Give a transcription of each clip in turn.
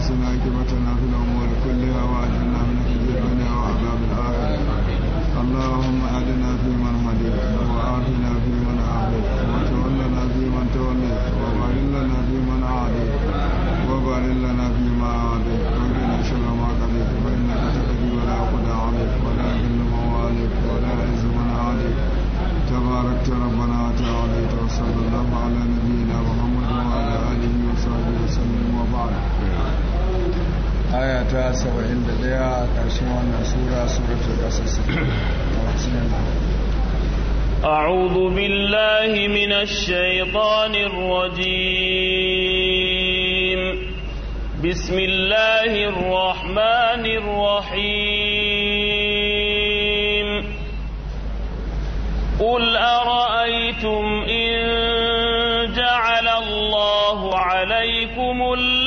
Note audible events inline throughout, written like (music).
ربنا سنا عاقبتنا في الأمور كلها وأجل (coughs) أعوذ بالله من الشيطان الرجيم بسم الله الرحمن الرحيم قل أرأيتم إن جعل الله عليكم الله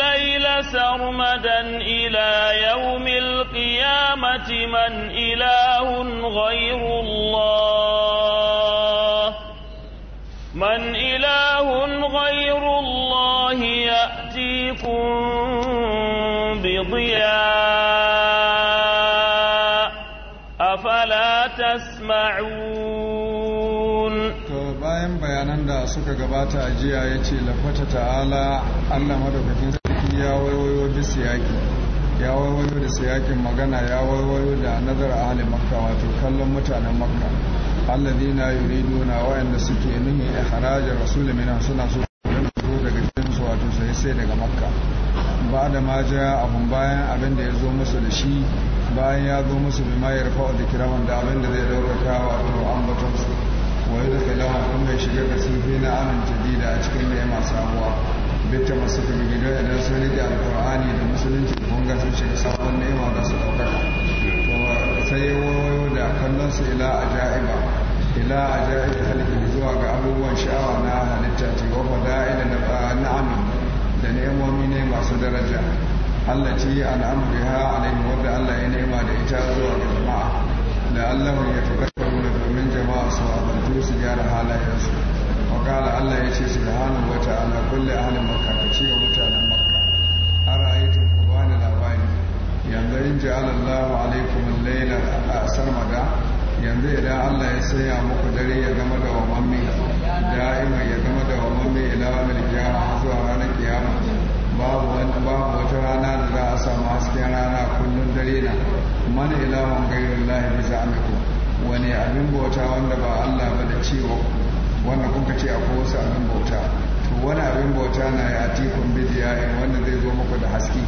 سرمدا إلى يوم القيامة من إله غير الله من إله غير الله يأتيكم بضياء أفلا تسمعون bayan bayanan da suka gabata a jiya ya ce lafata ta'ala Allah madaukakin ya waiwayo da siyaki ya waiwayo da siyakin magana ya waiwayo da nazar ahalin makka wato kallon mutanen makka na alladina yuriduna wa'anda suke nuhi harajar rasulun minan suna so su daga cikin wato sai sai daga makka ba da ma ja abun bayan abin da ya zo musu da shi bayan ya zo musu bi ma ya da kirawan da abin da zai daurata wato ambaton su wa yadda kuma ya shiga ga na amin jadida a cikin da ya masu abuwa bitta masu kuma don idan sun rike alkur'ani da musulunci da kunga sun shiga sabon nema da su ɗaukaka sai wayo da kallon su ila ajaiba ila ajaiba halittar zuwa ga abubuwan sha'awa na halitta ce wa fada'ila na na'amin da nemomi ne masu daraja Allah ce al'amuri ha alaihi wadda Allah ya nema da ita zuwa ga jama'a da Allah ya fi domin jama'a su abantu su gyara halayensu faƙala Allah ya ce subhanahu wa ta'ala kulli ahlin makka ka ce wa mutanen makka ara'aytum ku bani labari yanzu in ja'ala Allahu alaykum al-layla sarmada yanzu idan Allah ya saya muku dare ya gama da wamman da'ima ya gama da wamman ila wamil kiyama zuwa ranar kiyama babu wani babu wata rana da za a samu hasken rana kullum dare na mana ilahun gairullahi bi za'amikum wani abin bauta wanda ba Allah ba da cewa wanda kuka ce akwai wasu abin bauta to wani abin bauta na ya tikun in wanda zai zo muku da haske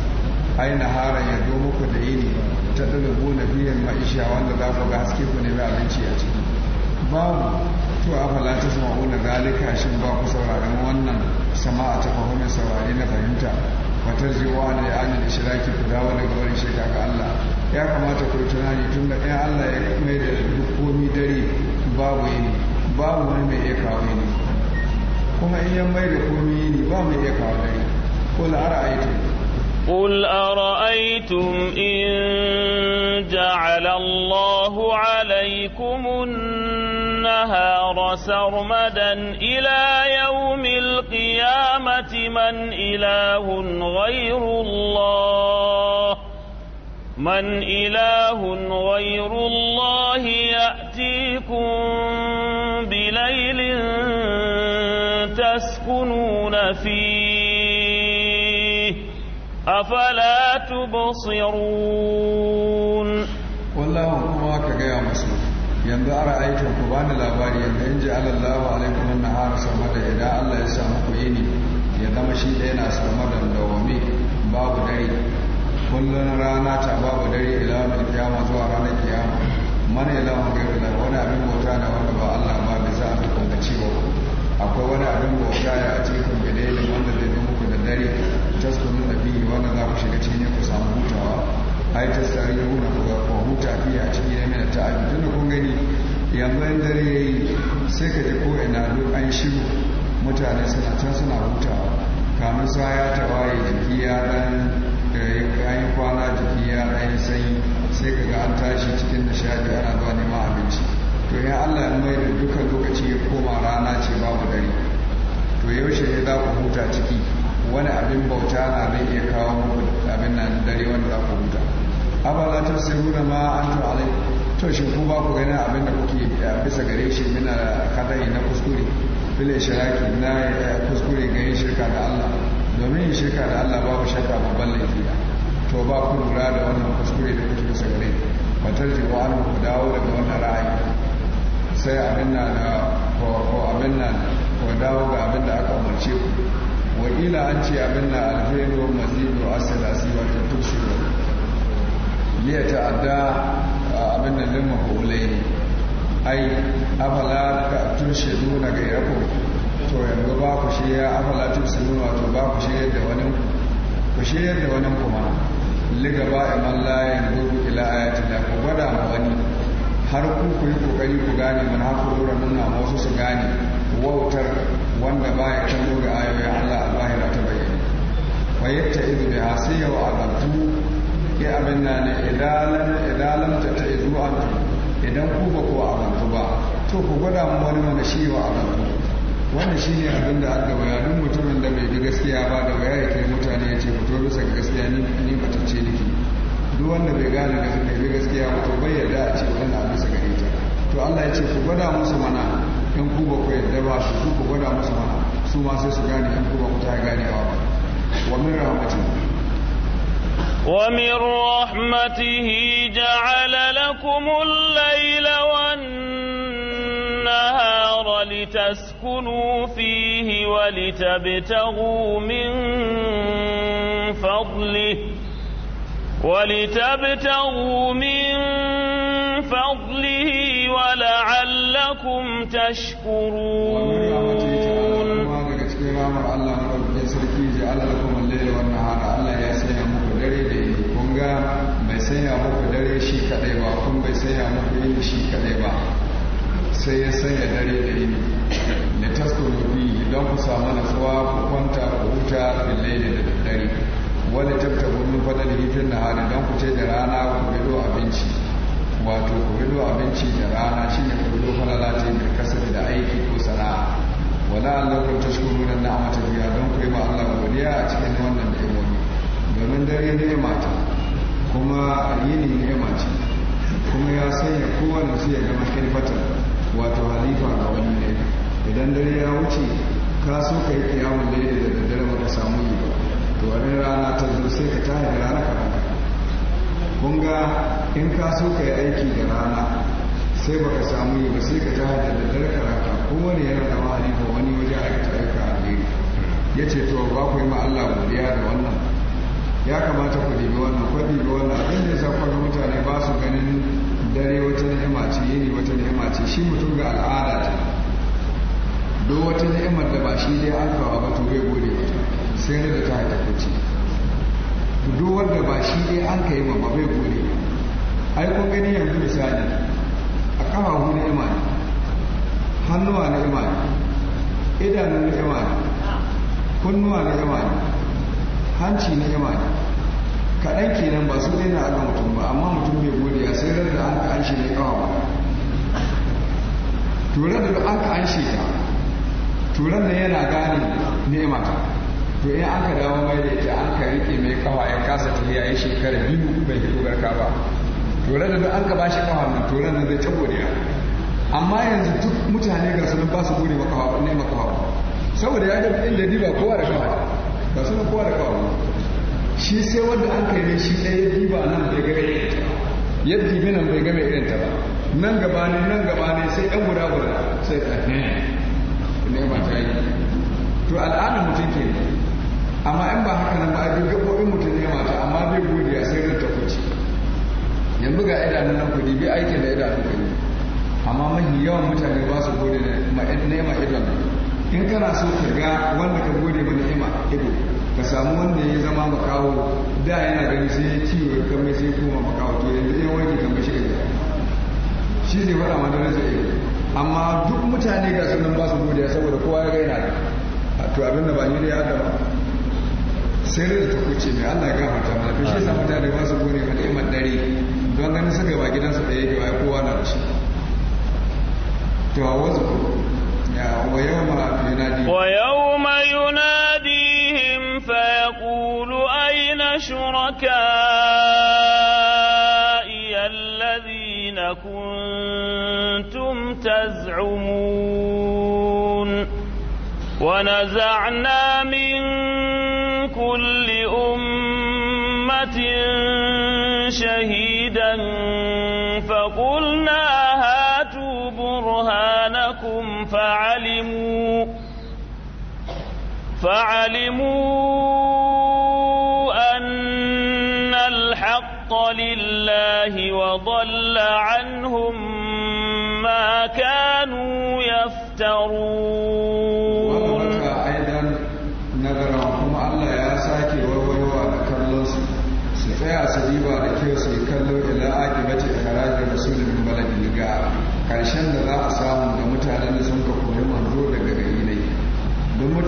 ai na hara ya zo muku da yini ta dalabu na biyan ma'isha wanda za ku ga haske ku nemi abinci a ciki babu to a afala ta sama'una galika shi ba ku sauraron wannan sama'a ta fahimta saurari na fahimta wata zuwa ne ya da ishiraki ku dawo daga wani shaida ga Allah ya kamata ku tunani tun da ɗayan Allah ya mai da duk komi dare babu yini babu wani mai iya kawo ne kuma in yan mai da komi yi ne ba mai iya kawo ne ko la'ara aiki قل أرأيتم إن جعل الله عليكم النهار سرمدا إلى يوم القيامة من إله غير الله من إله غير الله يأتيكم بليل تسكنون فيه أفلا تبصرون والله أمواك يا مسلم يندى أرأيتم كبان الأباري يندى على الله عليكم النهار سمد إداء الله يسامحيني يدمشي لنا سمد الدوامي باب دليل kullum rana ta babu dare ila mai kiyama zuwa ranar kiyama mana ya ila magana da wani abin bauta da wanda ba Allah ba bai za a da cewa akwai wani abin bauta ya a cikin gane da wanda bai zo muku da dare taskunin da biyu wanda za ku shiga cikin ku samu hutawa ai ta tsari na ku huta biya a cikin yamin da abin tun da kun gani yanzu yan dare ya yi sai ka ji ko ina duk an shigo mutane suna can suna hutawa kamun sa ya tawaye jiki ya dan kayan kwana jiki ya ɗan sanyi sai ka ga an tashi cikin nishadi ana ba ne ma abinci to ya Allah ya mai da duka lokaci ya koma rana ce babu dare to yaushe ne za ku huta ciki wani abin bauta na zai iya kawo muku abin nan dare wanda za ku huta abala ta sirruna ma an to alai to shi ku ba ku ganin abin da kuke eh, bisa gare shi mina kadai na kuskure fil shiraki na eh, kuskure ga yin shirka da Allah domin shirka da Allah babu shakka babban laifi to ba ku lura da wannan kuskure da kuke bisa gare fatar jiwa an ku dawo daga wannan ra'ayi sai abin nan ko abin nan ko dawo ga abin da aka umarce ku wa ila an ce abin nan alfairu mazidu asalasi wa tusiru ya ta'adda abin nan limma ko ai afala ka tunshidu na gairakum to yanzu ba ku shirya afala tubsiru wato ba ku shirya da wani ku shirya da wani kuma ligaba iman layin yanzu ila ayatina ku gwada ma wani har ku ku yi kokari ku gane mana ku dora nuna ma wasu su gane wautar wanda ba ya kan dora ayoyin Allah a bahira ta bayyana wa yatta idu hasi yau wa gantu ke abin na ne idalan ta ta izu an idan ku ba ku gantu ba to ku gwada mu wani mana shi wa gantu wannan shi ne abin da aka waya duk mutumin da bai bi gaskiya ba da waya ya kai mutane ya ce fito bisa ga gaskiya ni ni batacce nake duk wanda bai gane da bai bi gaskiya ba to bai yarda a ce wannan abin sa gare ta to Allah ya ce ku gwada musu mana in ku ba ku yarda ba su ku gwada musu mana su ma sai su gane in ku ba ku ta gane ba wa min rahmatin ومن رحمته جعل لكم الليل والنهار لتسكنوا فيه ولتبتغوا من فضله ولتبتغوا من فضله ولعلكم تشكرون bai sanya muku dare shi kadai ba kun bai sanya muku yini shi kadai ba sai ya sanya dare da yini taskuru fi don ku samu nasuwa ku kwanta ku huta billaili da daddare wani tabta gudun fadar hifin na hari don ku ce da rana ku rido abinci wato ku rido abinci da rana shi ne ku rido falala ce mai kasafi da aiki ko sana'a wala allah ku tashkuru na na'ama biya don ku yi ma allah godiya a cikin wannan ni'imomi domin dare ya mata kuma yini ya mace kuma ya sanya kowane su ya gama kirfatar wato halifa ga wani ne idan dare ya wuce ka so ka yi kiyamun da da daddare baka samu yi ba to wani rana ta zo sai ka tashi da rana kaɗan kun ga in ka so ka yi aiki da rana sai baka samu yi ba sai ka tashi da daddare karaka kowane yana da wani ba wani waje a ta aika a gari ya ce to ba ku yi ma Allah godiya da wannan ya kamata ku dibi wannan ku dibi wannan abin da ya sa mutane ba su ganin dare wata ni'ima ce yini wata ni'ima ce shi mutum ga al'ada ta. don wata ni'imar da ba shi dai an kawo ba to bai gode mata sai da ta ta kuce duk wanda ba shi dai an kai ba bai gode ai kun gani yanzu misali a hu na imani hannuwa na imani idanu na imani kunnuwa na imani hanci na imani kaɗan kenan ba su dai na aka mutum ba amma mutum bai gode sai da an ka an shi ne kawo ba to da an ka an shi ta turan da yana gane ni'ima ta to in aka dawo mai da ita an ka rike mai kawa ya kasa ta ya shekara biyu bai hito garka ba turan da an ka bashi kawa mai turan da zai cabo godiya amma yanzu duk mutane ga su ba su gode maka ne maka hawa saboda ya ga in diba ba kowa da kawa ba su kowa da kawa shi sai wanda an kai ne shi ɗaya ya diba nan bai ga irin ta yadda dibi nan bai ga irin ta ba nan gaba ne nan gaba ne sai ɗan guda guda sai ɗan eh. nema ta yi to al'adar mutum ke amma in ba haka nan ba a duk gaɓoɓin mutum nema ta amma bai gode a sai ta kuci yanzu ga idanun nan kudi bai aiki da idanun kudi amma mahi yawan mutane ba su gode nema idan in kana so ka ga wanda ka gode ma nema ido ka samu wanda ya zama makawo da yana gani sai ya ciwo ya kame sai kuma makawo to yanzu ya wanke kamar shi ne shi zai faɗa ma darajar ido amma duk mutane ga sunan ba su godiya saboda kowa ya gaina to abinda ba ni da ya ba sai da ta kuce mai Allah ya gafarta mana to shi yasa mutane ba su gode mana iman dare don ganin suka gaba gidansu da yake ba kowa na da shi to a wasu wa yawma yunadi wa yawma yunadihim fa yaqulu ayna shuraka ونزعنا من كل أمة شهيدا فقلنا هاتوا برهانكم فعلموا فعلموا أن الحق لله وضل عنهم ما كانوا يفترون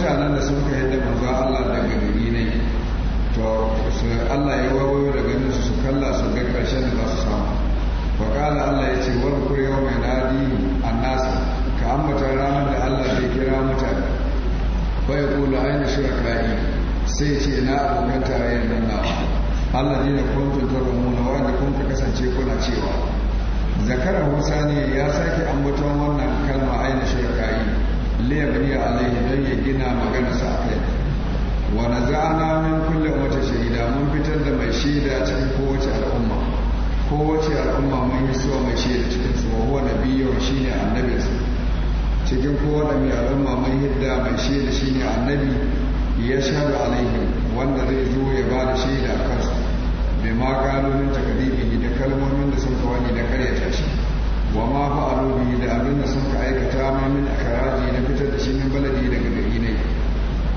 mutanen da sun kai da manzo Allah daga gari ne to Allah ya wawo da ganin su kalla su ga karshen da za su samu fa qala Allah yace wa yau mai nadi annas ka ta ranar da Allah zai kira mutane fa yaqulu ayna shuraka'i sai ce na abokan tarayyar nan na Allah dina kuntum mu na da kun kasance kuna cewa zakara Musa ne ya sake ambaton wannan kalma aina shuraka'i liyabni alaihi don ya gina magana sa kai wa naza'ana min kullum wata shaida mun fitar da mai shaida cikin kowace al'umma kowace al'umma mun yi suwa mai shaida cikin su wa huwa nabiyyu shine annabin su cikin kowace mai al'umma mun hidda mai shaida ne annabi ya shahada alaihi wanda zai zo ya ba da shaida a kansa bai ma kalonin takadibi da kalmomin da sun kawani da karyata shi wa ma a bihi da abin da sun ka aikata mai min akaraji na fitar da shi min baladi daga gari ne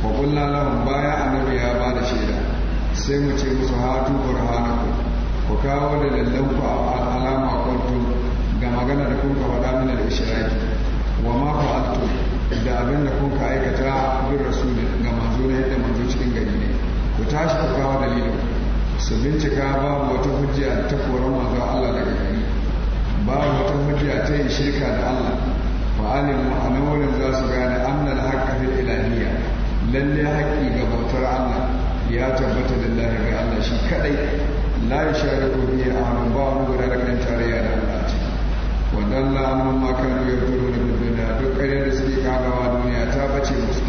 fa qulna lahum baya annabi ya ba da shaida sai mu ce musu hatu burhanaku ku kawo da lallanku alama kwanto ga magana da kun ka faɗa mana da ishiraki wa ma fa'altu da abin da kun ka aikata bin rasulin ga manzo na yadda manzo cikin gari ne ku tashi ku kawo dalilin su bincika babu wata hujja ta koran manzo Allah daga gari babu wata hujja ta yi shirka da Allah wa alimu a wurin za su gane annal haqqa fil ilahiyya lalle haƙƙi ga bautar Allah ya tabbata lillahi ga Allah shi kadai la yushariku a ahadun ba wani guda da kan tarayya da Allah ce wa dalla amma ma kanu yaquluna min da duk ƙaryar da suke kagawa duniya ta bace musu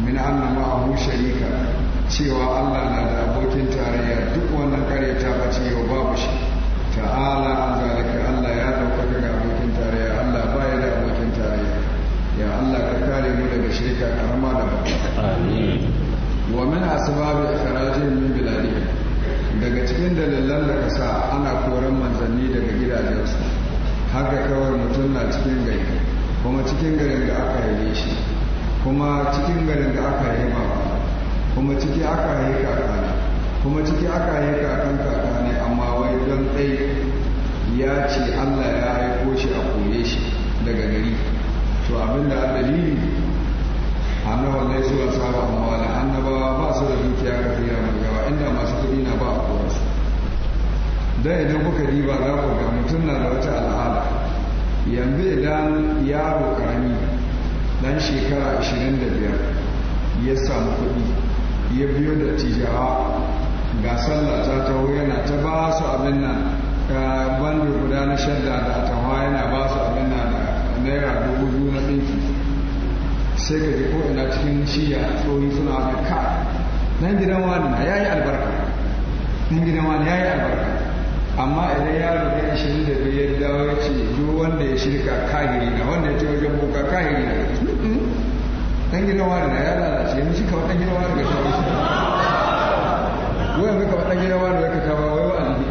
min a ma'ahu sharika cewa Allah na da abokin tarayya duk wannan ƙarya ta bace yau babu shi ta'ala an zalika Allah shiga karama da babba wa min asbabi ikhrajihim min biladihim daga cikin dalilan da kasa ana koran manzanni daga gidajensu haka kawai mutum na cikin gari kuma cikin garin da aka yi shi kuma cikin garin da aka yi baba kuma ciki aka yi kakana kuma ciki aka yi kakan kakane amma wai don ɗai ya ce allah ya haiko shi a koye shi daga gari to abinda a dalili annabawa dai su asaba amma wala annabawa ba su da dukiya ga fiya mai yawa inda masu kuɗi na ba a kowarsu dan idan kuka diba za ku ga mutum na da wata al'ada yanzu idan yaro karami dan shekara biyar ya samu kuɗi ya biyo da tijawa ga sallah ta taho yana ta ba su abin nan eh, bandar guda na shadda da atawa yana ba su abin nan eh, naira dubu biyu na ɗinki sai ka ji ko ina cikin shiya tsohi suna da ka nan gidan wani na yi albarka nan gidan wani yi albarka amma idan rufe a shirin da biyu ya dawo ya ce yi wanda ya shirka kahiri na wanda ya ce wajen boka kahiri na nan gidan wani na ya lalace yanzu mishi kawai dan gidan wani ga kawai shi wai yanzu kawai gidan wani ya ka kama wai wa'azi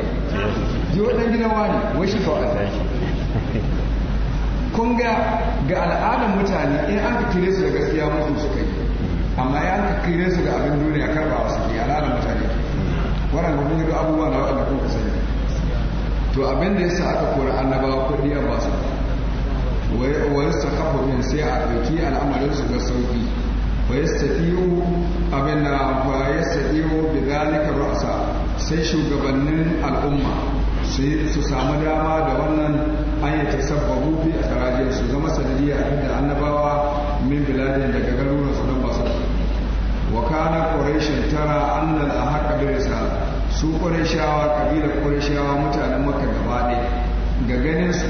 ji wa gidan wani wai shi kawai a zaki kun ga ga al'adar mutane in an kire su da gaskiya musu su yi amma ya an kire su ga abin duniya karba wa ke al'adar mutane wannan ga kun abubuwa na waɗanda kuka sani to abin da yasa aka kora annabawa kuɗi a basu wani kafa min sai a ɗauki al'amarin su ga sauƙi. wai sadiyu abin da ya sadiyu bi zalika ra'sa sai shugabannin al'umma su samu dama da wannan an yi ta sabbabu fi a tarajin su zama sanadiyya inda annabawa min biladin daga garuruwan su don basu wa kana ƙorashin tara annal a haka birisa su ƙorashawa ƙabilar ƙorashawa mutanen maka gaba ga ganin su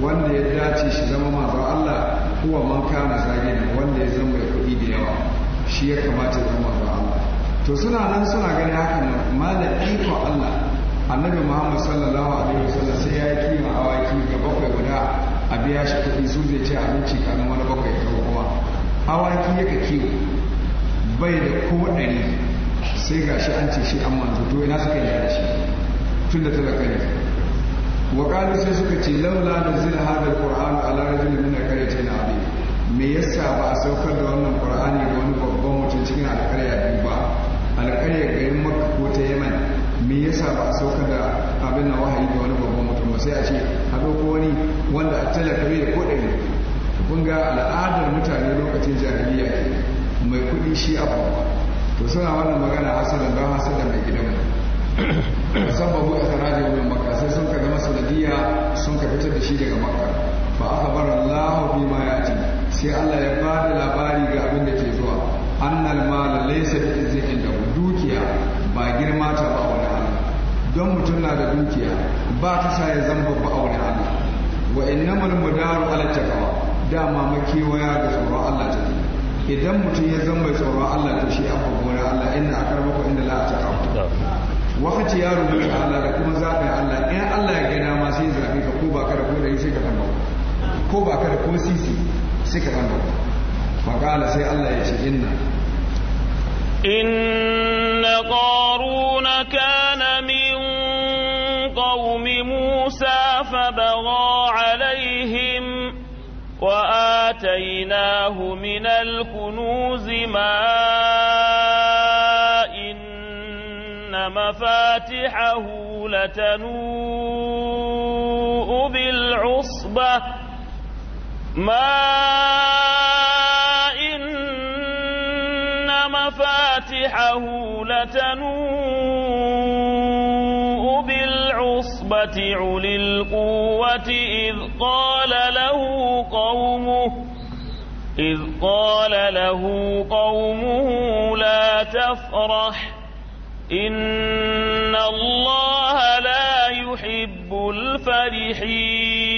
wanda ya dace shi zama manzon Allah kuwa man kana zagin wanda ya zama ya kuɗi da yawa shi ya kamata zama manzon Allah to suna nan suna ganin hakan malam ikon Allah annabi muhammad sallallahu alaihi wasallam sai ya yi kiwon awaki ga bakwai guda a biya shi kuɗi su zai ce abinci kanin wani bakwai ta kuma awaki yaka kiwo bai da ko ɗari sai ga shi an ce shi an manzo to ina suka yi shi tun da talaka ne wa sai suka ce laula nuzila hadha alquran nuna kare ce na abu me yasa ba a saukar da wannan ne ga wani babban mutum cikin alƙarya biyu ba alƙaryar garin makka ko ta yaman me yasa ba a sauka da abin na wahayi da wani babban mutum ba sai a ce a ko wani wanda a talaka bai da ko ɗari kun ga al'adar mutane lokacin jahiliya ke mai kuɗi shi abu to suna wannan magana hasalan don hasalan mai gidan sababu a tarajin wani makka sai sun ka zama sanadiyya sun ka fitar da shi daga makka fa aka bar Allah bi ma ya ce sai Allah ya ba da labari ga abin da ke zuwa annal mal laysa bi da dukiya ba girma ta ba don mutum na da dukiya ba ta sa ya zamba babba a wani Allah wa innamal mudaru ala taqwa dama makewaya ga tsoron Allah ta idan mutum ya zamba mai tsoron Allah to shi abba wurin Allah inna akarbaku inda la taqwa wakati yaro mai Allah da kuma zaɓe Allah in Allah ya gina ma sai zaɓe ka ko ba ka da ko da sai ka ɗan ko ba ka ko sisi sai ka ɗan ba sai Allah ya ce inna inna qaru موسى فبغى عليهم وآتيناه من الكنوز ما إن مفاتحه لتنوء بالعصبة ما إن مفاتحه لتنوء الصفة أولي القوة إذ قال له قومه إذ قال له قومه لا تفرح إن الله لا يحب الفرحين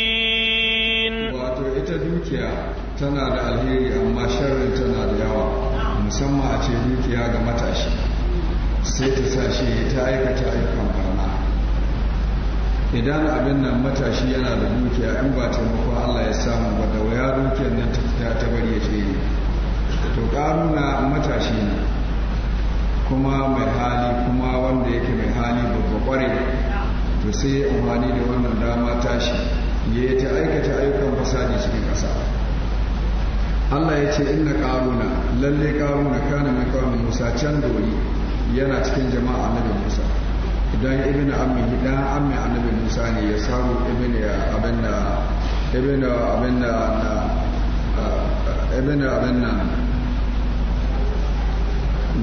wato ita dukiya tana da alheri amma sharrin tana da yawa musamman a ce dukiya ga matashi sai ta sa shi ta aikata idan abin nan matashi yana da dukiya in ba taimakon Allah ya samu ba da waya dukiyar nan ta ta bari ya tsere to karuna matashi ne kuma mai hali kuma wanda yake mai hali babba kware to sai ya amfani da wannan dama tashi ya ta aikata ayyukan fasadi cikin ƙasa Allah ya ce inna karuna lalle karuna kana mai kawai Musa can dori yana cikin jama'a annabi Musa idan ibn ammi idan ammi annabi musa ne ya samu ibn abin da ibn abin na ibn na nan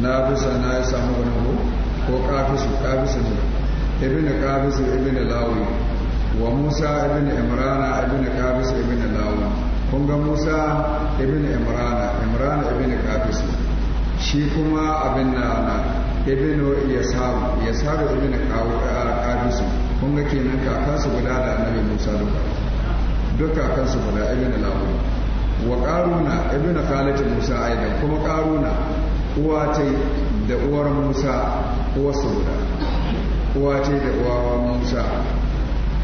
na bisa na ya samu wani ko ko kafisu kafisu ne ibn kafisu ibn lawi wa musa ibn imrana ibn kafisu ibn lawi kun ga musa ibn imrana imrana ibn kafisu shi kuma abin na ibnu yasaru yasaru ibnu ƙarinsu kun ga kenan kakansu guda da annabi musa duka duk kakansu guda ibnu lahum wa qaruna ibnu khalid musa aidan kuma qaruna uwa ta da uwar musa uwar su guda uwa ce da uwa musa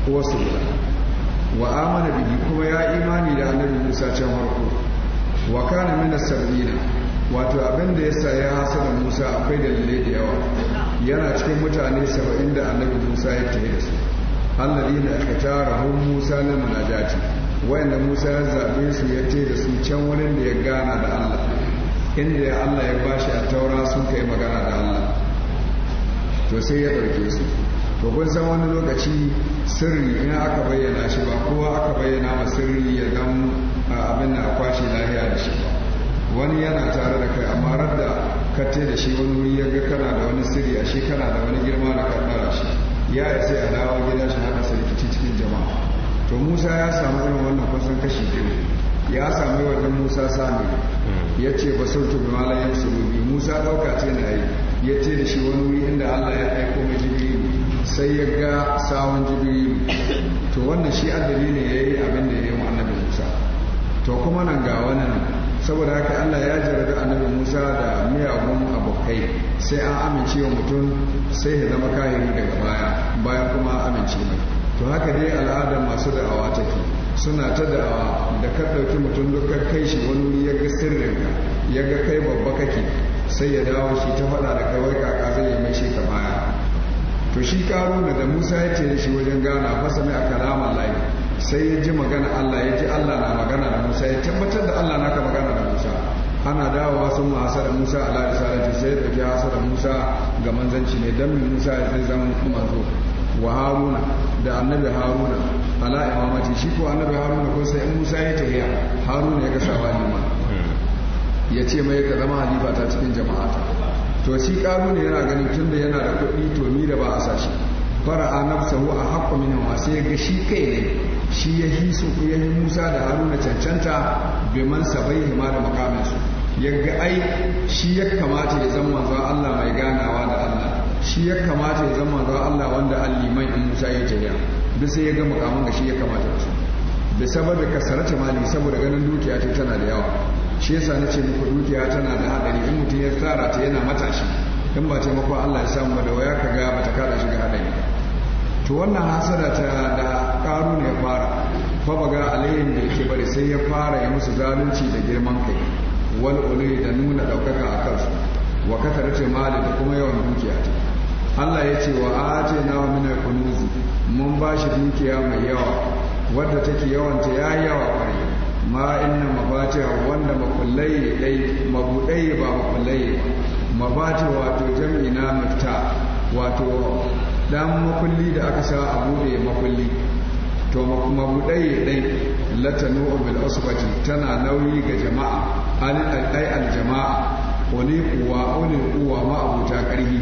uwar su guda wa amana bihi kuma ya imani da annabi musa can harko wa kana min as-sabina wato abin da ya sa ya da musa akwai dalilai da yawa yana cikin mutane saba'in da annabi musa ya tafi da su tara hun musa na munajati wayanda musa ya zaɓe su ya tafi da su can wurin da ya gana da Allah inda ya Allah ya bashi a taura sun kai magana da Allah to sai ya ɗauke su to kun san wani lokaci sirri in aka bayyana shi ba kowa aka bayyana ma sirri ya gan abin da kwashe lahiya da shi wani yana tare da kai amma radda ka da shi wani wuri yaga kana da wani sirri a shi kana da wani girma da kaddara shi ya sai a dawo gida shi haka sarkici cikin jama'a to musa ya samu irin wannan kusan kashi biyu ya samu wannan musa sami ya ce ba sautu bi malayan sulubi musa dauka ce na yi ya ce da shi wani wuri inda allah ya aiko mai jibi sai ya ga sawon jibi. to wannan shi addali ne yayi yi abin da ya yi wa annabi musa to kuma nan ga wannan saboda haka Allah ya jarabi annabi Musa da miyagun abokai sai an amince wa mutum sai ya zama kahiri daga baya bayan kuma amince mai to haka dai al'adar masu da'awa take suna ta da'awa da ka ɗauki mutum duk kai shi wani wuri ya ga sirrinka ya ga kai babba kake sai ya dawo shi ta faɗa da kai wai kaka zai yi maishe ta baya to shi karo da Musa ya ce shi wajen gana fasa mai a kalaman layi sai ya ji magana Allah ya ji Allah na magana da Musa ya tabbatar da Allah na ka magana da Musa ana dawowa sun ma hasara Musa ala risalati sai ya dauki hasara Musa ga manzanci ne dan Musa ya sai zama manzo wa Haruna da annabi Haruna ala imamati shi ko annabi Haruna ko sai Musa ya tafiya Haruna ya ga sawa ma ya ce mai ka zama halifa ta cikin jama'a to shi karu ne yana ganin tunda yana da kuɗi to ni da ba a sashi fara'a nafsahu a haƙƙa min wa ya ga shi kai ne shi ya yi su ku ya yi Musa da Haruna cancanta bi man sabai hima da makamin su yaga ai shi ya kamata ya zama manzon Allah mai ganawa da Allah shi ya kamata ya zama manzon Allah wanda alliman in Musa ya jira duk sai ya ga da shi ya kamata su da saboda kasarata mali saboda ganin dukiya ce tana da yawa shi yasa sani ce muku dukiya tana da haɗari in mutum ya tsara ta yana matashi in ba taimakon Allah ya samu da waya ka ga bata kada shi ga haɗari to wannan hasada ta da karu ne fara fa baga alayhim da yake bari sai ya fara ya musu zalunci da girman kai wal ulay da nuna daukaka a kansu wa katarati mali da kuma yawan dukiya Allah ya ce wa na wa al kunuzi mun bashi dukiya mai yawa wadda take yawanta yayi yawa kwarai ma inna mafatiha wanda makullai dai mabudai ba makullai ba mafatiha wato jam'i na mifta wato dan makulli da aka sa a bude makulli to mabuɗai dai, latanu bil asbati tana nauyi ga jama'a an ai al jama'a wani kuwa wani kuwa ta karhi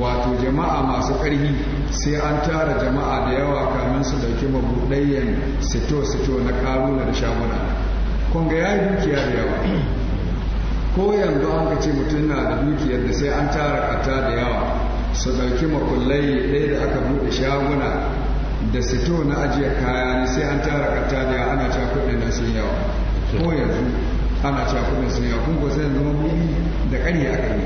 wato jama'a masu ƙarfi, sai an tara jama'a da yawa kamin su dauki mabuɗayyan sito-sito na karuna da shaguna kun ga yayi dukiya da yawa ko yanzu an ka ce mutum na da dukiyar da sai an tara kata da yawa su ɗauki makullai ɗaya da aka buɗe shaguna da sito na ajiye kaya sai an tara karta da ana cewa kuɗin na sun yawa ko yanzu ana cewa kuɗin sun yawa kun sai zama muni da ƙarya aka yi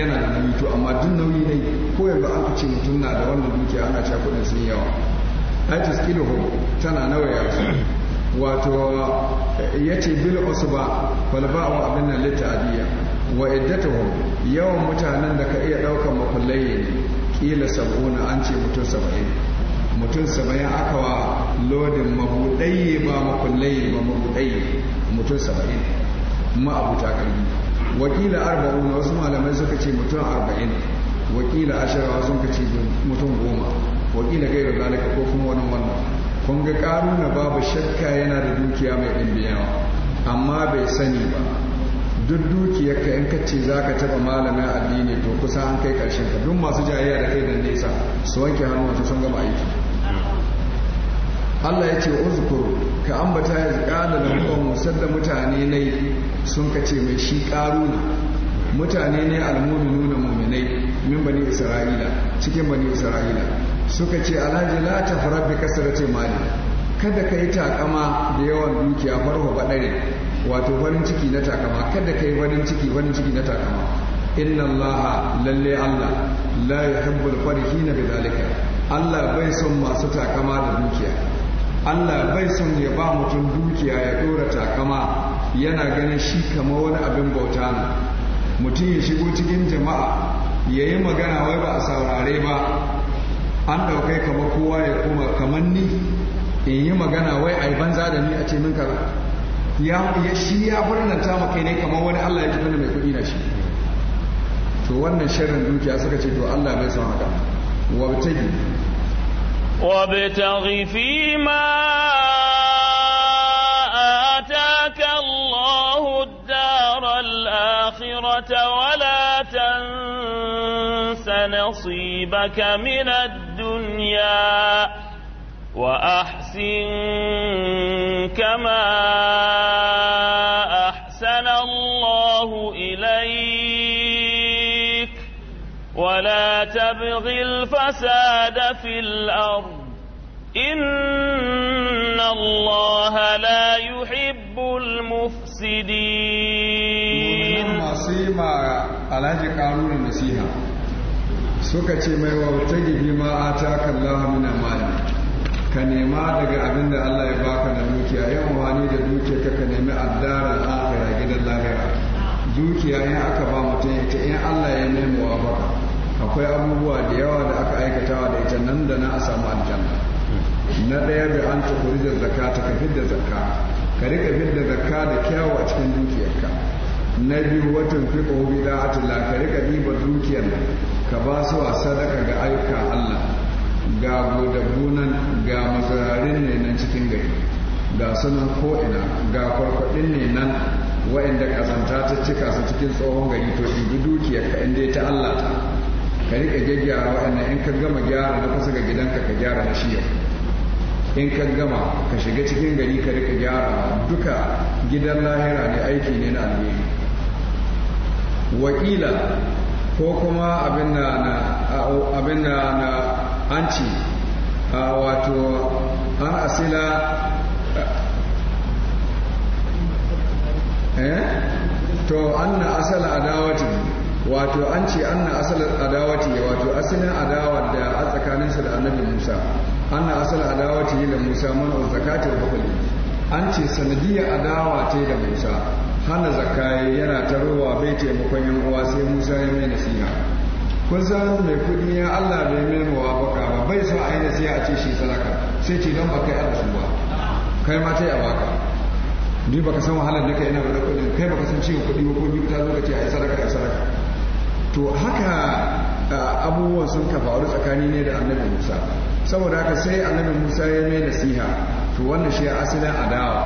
yana da nauyi to amma duk nauyi ne ko yanzu an ce mutum na da wannan dukiya ana cewa kuɗin sun yawa aitis kilohu tana nawa ya wato ya ce bil usba fal ba'u abin nan adiya wa iddatuhum yawan mutanen da ka iya ɗaukar makullai ne kila sab'una an ce mutum saba'in mutum saba'in aka wa lodin mabuɗai ba makullai ba mabuɗai mutum saba'in ma'abuta kalmi wakila arba'un wasu malamai suka ce mutum arba'in wakila ashirin wasu suka ce mutum goma wakila da zalika ko kuma wani wannan kun ga karuna babu shakka yana da dukiya mai ɗimbiyawa amma bai sani ba duk dukiyarka in ka ce za ka taɓa malamin addini to kusa an kai karshen ka duk masu jayayya da kai da nesa su wanke hannu hannuwansu sun gama aiki Allah ya ce uzkuru ka ambata ya ƙala da mukan da mutane ne sun kace mai shi ne mutane ne almuminu na muminai min bani isra'ila cikin bani isra'ila suka ce alhaji la ta farar kasar ce mali kada ka yi takama da yawan dukiya farho baɗare wato farin ciki na takama kada ka yi farin ciki farin ciki na takama inna allaha lalle allah la yuhibbul farihina bidalika allah bai son masu takama da dukiya allah bai son ya ba mutum dukiya ya dora takama yana ganin shi kama wani abin bauta ne mutum ya shigo cikin jama'a ya yi magana wai ba a saurare ba an ɗaukai kama kowa ya kuma, kamar ni in yi magana wai a yi banza da ni a ce min kaza ya shi ya barnata maka ne kamar wani Allah ya tafi da mai kuɗi na shi to wannan sharrin dukiya suka ce to Allah bai son haka wabtagi wabtaghi fi ma ataka Allah ad-dar al-akhirata wa la tansa nasibaka min ad-dunya wa بأس كما أحسن الله إليك ولا تبغ الفساد في الأرض إن الله لا يحب المفسدين عصيمة على قانون المسيح سكتي ما وتجد آتاك الله من المال ka nema daga abin da Allah ya baka na dukiya yin wani da dukiya ka ka nemi addarar akhira gidan lahira dukiya in aka ba mutum ita in Allah ya nemo a baka akwai abubuwa da yawa da aka aikatawa da ita nan da na a samu aljanna na ɗaya da an ta kuri da zakka ta ka fidda zakka ka rika fidda zakka da kyawu a cikin dukiyarka na biyu watan bi bida'atillah ka rika diba dukiyar ka ba su sadaka ga ayyukan Allah ga budabbu nan ga mazararin ne nan cikin gari ga sunan ko'ina ga farfaɗin ne nan wa'inda ƙazanta ta cika su cikin tsohon gari to ɗibi dukiyar ka inda ta Allah ta ka rike gyaggyara wa'annan in ka gama gyara na kusa ga gidanka ka gyara na shiya in ka gama ka shiga cikin gari ka riƙa gyara duka gidan lahira ne aiki ne na alheri wakila ko kuma abin da na an ce wato an asila eh to anna asala adawati wato an ce anna asala adawati wato asalin adawa da a tsakaninsa da annabi Musa anna asala adawati da Musa mana zakati da bakali an ce sanadiyar adawa ce da Musa hana zakai yana tarowa bai taimakon yan uwa sai Musa ya mai nasiha kun san mai kudi ya Allah bai mai baka ba bai so a yi sai a ce shi sadaka sai ce don baka yi arzu ba kai ma ta yi a baka ni baka san wahalar da kai yana da kudi kai baka san cewa kudi ba ko biyu ta zo ce a yi sadaka a yi sadaka to haka abubuwan sun ka faru tsakani ne da annabi musa saboda haka sai annabi musa ya mai nasiha to wannan shi asalin adawa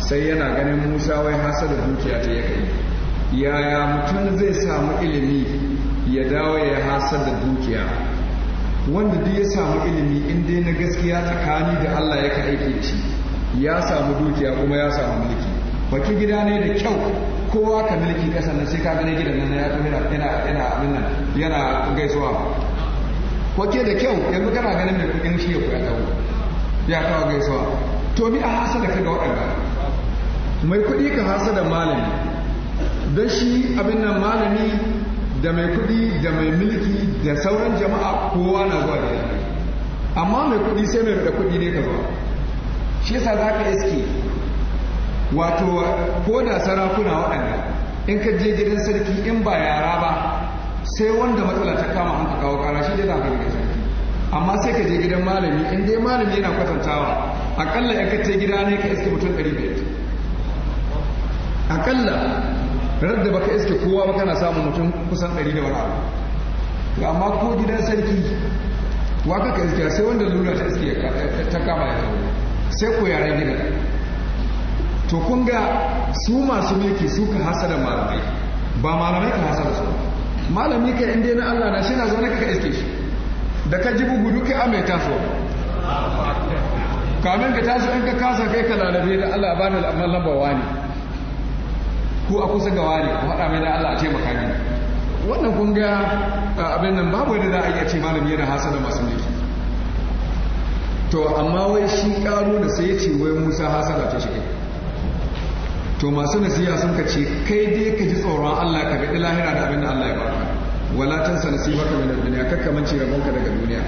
sai yana ganin musa wai da dukiya ta ya yaya mutum zai samu ilimi ya dawo ya hasar da dukiya wanda duk ya samu ilimi in dai na gaskiya tsakani da Allah ya ka aiki da ya samu dukiya kuma ya samu mulki baki gida ne da kyau kowa ka mulki kasa nan sai ka gane gidan nan ya tsohira yana yana abin nan yana gaisuwa wake da kyau yanzu kana ganin mai kudin shi ya kuya dawo ya kawo gaisuwa to ni a hasa da kaga waɗanda mai kuɗi ka hasa da malami don shi abin nan malami da mai kuɗi da mai mulki da sauran jama'a kowa na zuwa da yanayi amma mai kuɗi sai mai da kuɗi ne ka zuwa shi yasa za ka iske wato ko da sarakuna waɗanda in ka je gidan sarki in ba yara ba sai wanda matsala ta kama an ka kawo kara shi dai za ka gidan sarki amma sai ka je gidan malami in dai malami yana kwatantawa akalla in ka gida ne ka iske mutum ɗari biyar akalla rar da baka iske kowa ba kana samun mutum kusan ɗari da wani abu amma ko gidan sarki wa kaka iske sai wanda lura ta iske ta kama ya tawo sai ko yaren gida to kun ga su masu mulki su ka hasada malamai ba malamai ka da su malami ka inda na Allah na shi na zaune kaka iske shi da ka ji bugu duka amai taso kamin ka taso in ka kasa kai ka lalabe da Allah bani ni lambawa ne ko a kusa gawa ne ku haɗa mai da Allah a taimaka ni wannan kun ga abin nan babu yadda za a iya ce malami yana hasada masu mulki to amma wai shi karo da sai ya ce wai musa hasada ta shi to masu nasiya sun ka ce kai dai ka ji tsoron Allah ka ga lahira da abin da Allah ya baka wala tansa nasibaka min ad-dunya kakka rabon ka daga duniya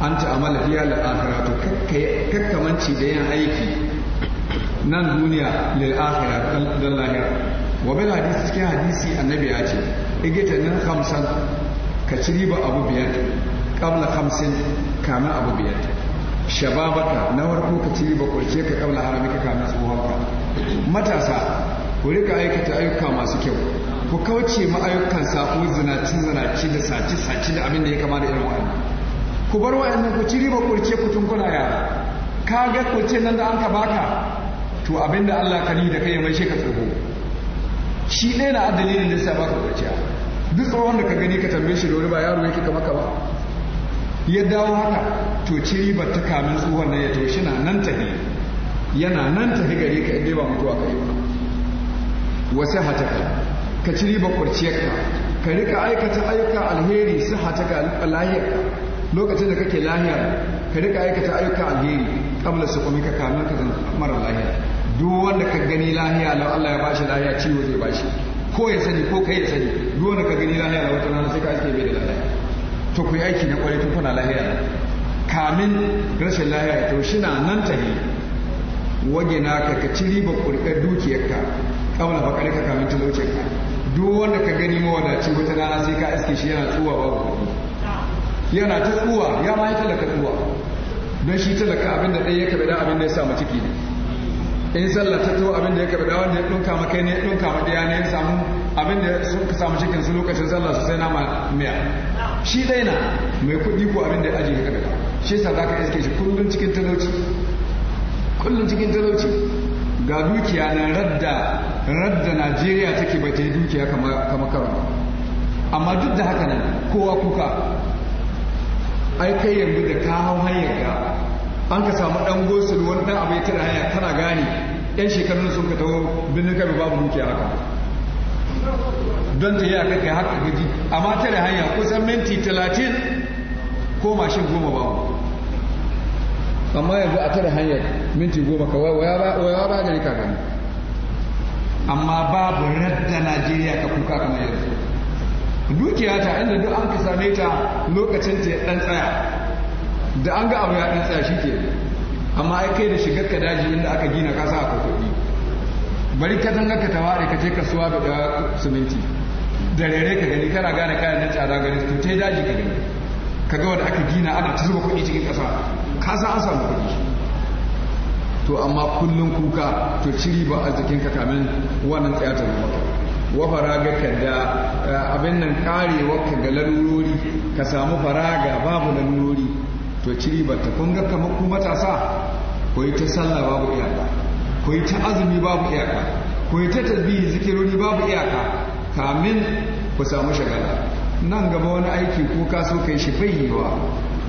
an ta'amala fiya lil akhirah to kakka manci da yin aiki nan duniya lil akhirah dan lahira wa hadisi cikin hadisi annabi ya ce igita nan hamsin ka ci riba abu biyar kamla hamsin kama abu biyar shababaka na warko ka ci riba kurce ka ka kama su hauka. matasa ku rika aikata ayyuka masu kyau ku kauce ma ayyukan sako zinaci zinaci da saci saci da abin da ya kama da irin wa'annan ku bar wa'annan ku ci riba kurce ku tunkuna yara ka ga kurce nan da an ka baka to abin da Allah ka ni da kai mai shi ka tsoro shi ɗaya na ne da sa baka kwanciya duk tsawon da ka gani ka tambaye shi da wani ba yaro yake kama ka ba ya dawo haka to ce ribar ta kamin tsohon nan ya to shi na nan tafi yana nan tafi gare ka inda ba mutuwa ka yi ba wasu hataka ka ci ribar kwanciyarka ka rika aikata ayyuka alheri su hataka lahiyar lokacin da kake lahiyar ka rika aikata ayyuka alheri kamla su kuma ka kamin ka zama mara lahiyar duk wanda ka gani lahiya lau Allah ya bashi lahiya ciwo zai bashi ko ya sani ko kai ya sani duk wanda ka gani lahiya lau wata rana sai ka ake bai da lahiya to ku yi aiki na kwarai tun kuna lahiya kamin rashin lahiya to shi na nan ta ne wage na ka ka ci riba kurkar dukiyarka kawai bakari ka kamin talaucinka duk wanda ka gani mawadaci wata rana sai ka iske shi yana tsuwa babu kuɗi yana ta tsuwa ya ma yi talaka tsuwa don shi talaka abinda ɗaya ya kaɓe da abin da ya samu ciki ne in sallar ta to abin da ya karɓi wanda ya ɗunka maka kai ne ya ɗunka ma ɗaya ne ya samu abin da suka samu cikin su lokacin sallar su sai nama miya shi dai na mai kuɗi ko abin da ya ajiye ya shi sa za ka iske shi kullum cikin talauci kullum cikin talauci ga dukiya na radda radda najeriya take ba ta yi dukiya kama karon amma duk da haka nan kowa kuka ai kai yanzu da ka hau hanyar ga an ka samu dan gosul wani dan abu ya hanyar haya tana gane yan shekarun sun ka taho birnin kabe babu muke haka don ta yi a kai haka gaji amma tare hanya kusan minti talatin ko mashin goma babu amma yanzu a tare hanyar minti goma ka wayawa ba gani ka gani amma babu radda najeriya ka kuka kamar yanzu dukiya ta inda duk an ka same ta lokacin ta ya dan tsaya da an ga abu ya ɗan tsaya shi ke amma ai kai da shigar ka daji inda aka gina kasa a kuɗi bari ka zanga ka taware ka ce kasuwa da ɗaya siminti da rere ka gani kana gane kayan na tsada gani to ta daji ka gani ka ga wanda aka gina ana ta zuba kuɗi cikin ƙasa ka san an samu kuɗi to amma kullum kuka to ciri ba arzikin ka kamin wannan tsaya ta zuwa wa faraga ka da eh, abin nan karewa ka ga larurori ka samu faraga babu larurori to ci ribar ta kun ga kamar ku matasa ko ta sallah babu iyaka ko ta azumi babu iyaka ko ta tasbihi zikirori babu iyaka kamin ku samu shagala nan gaba wani aiki ko ka so kai shi bayyewa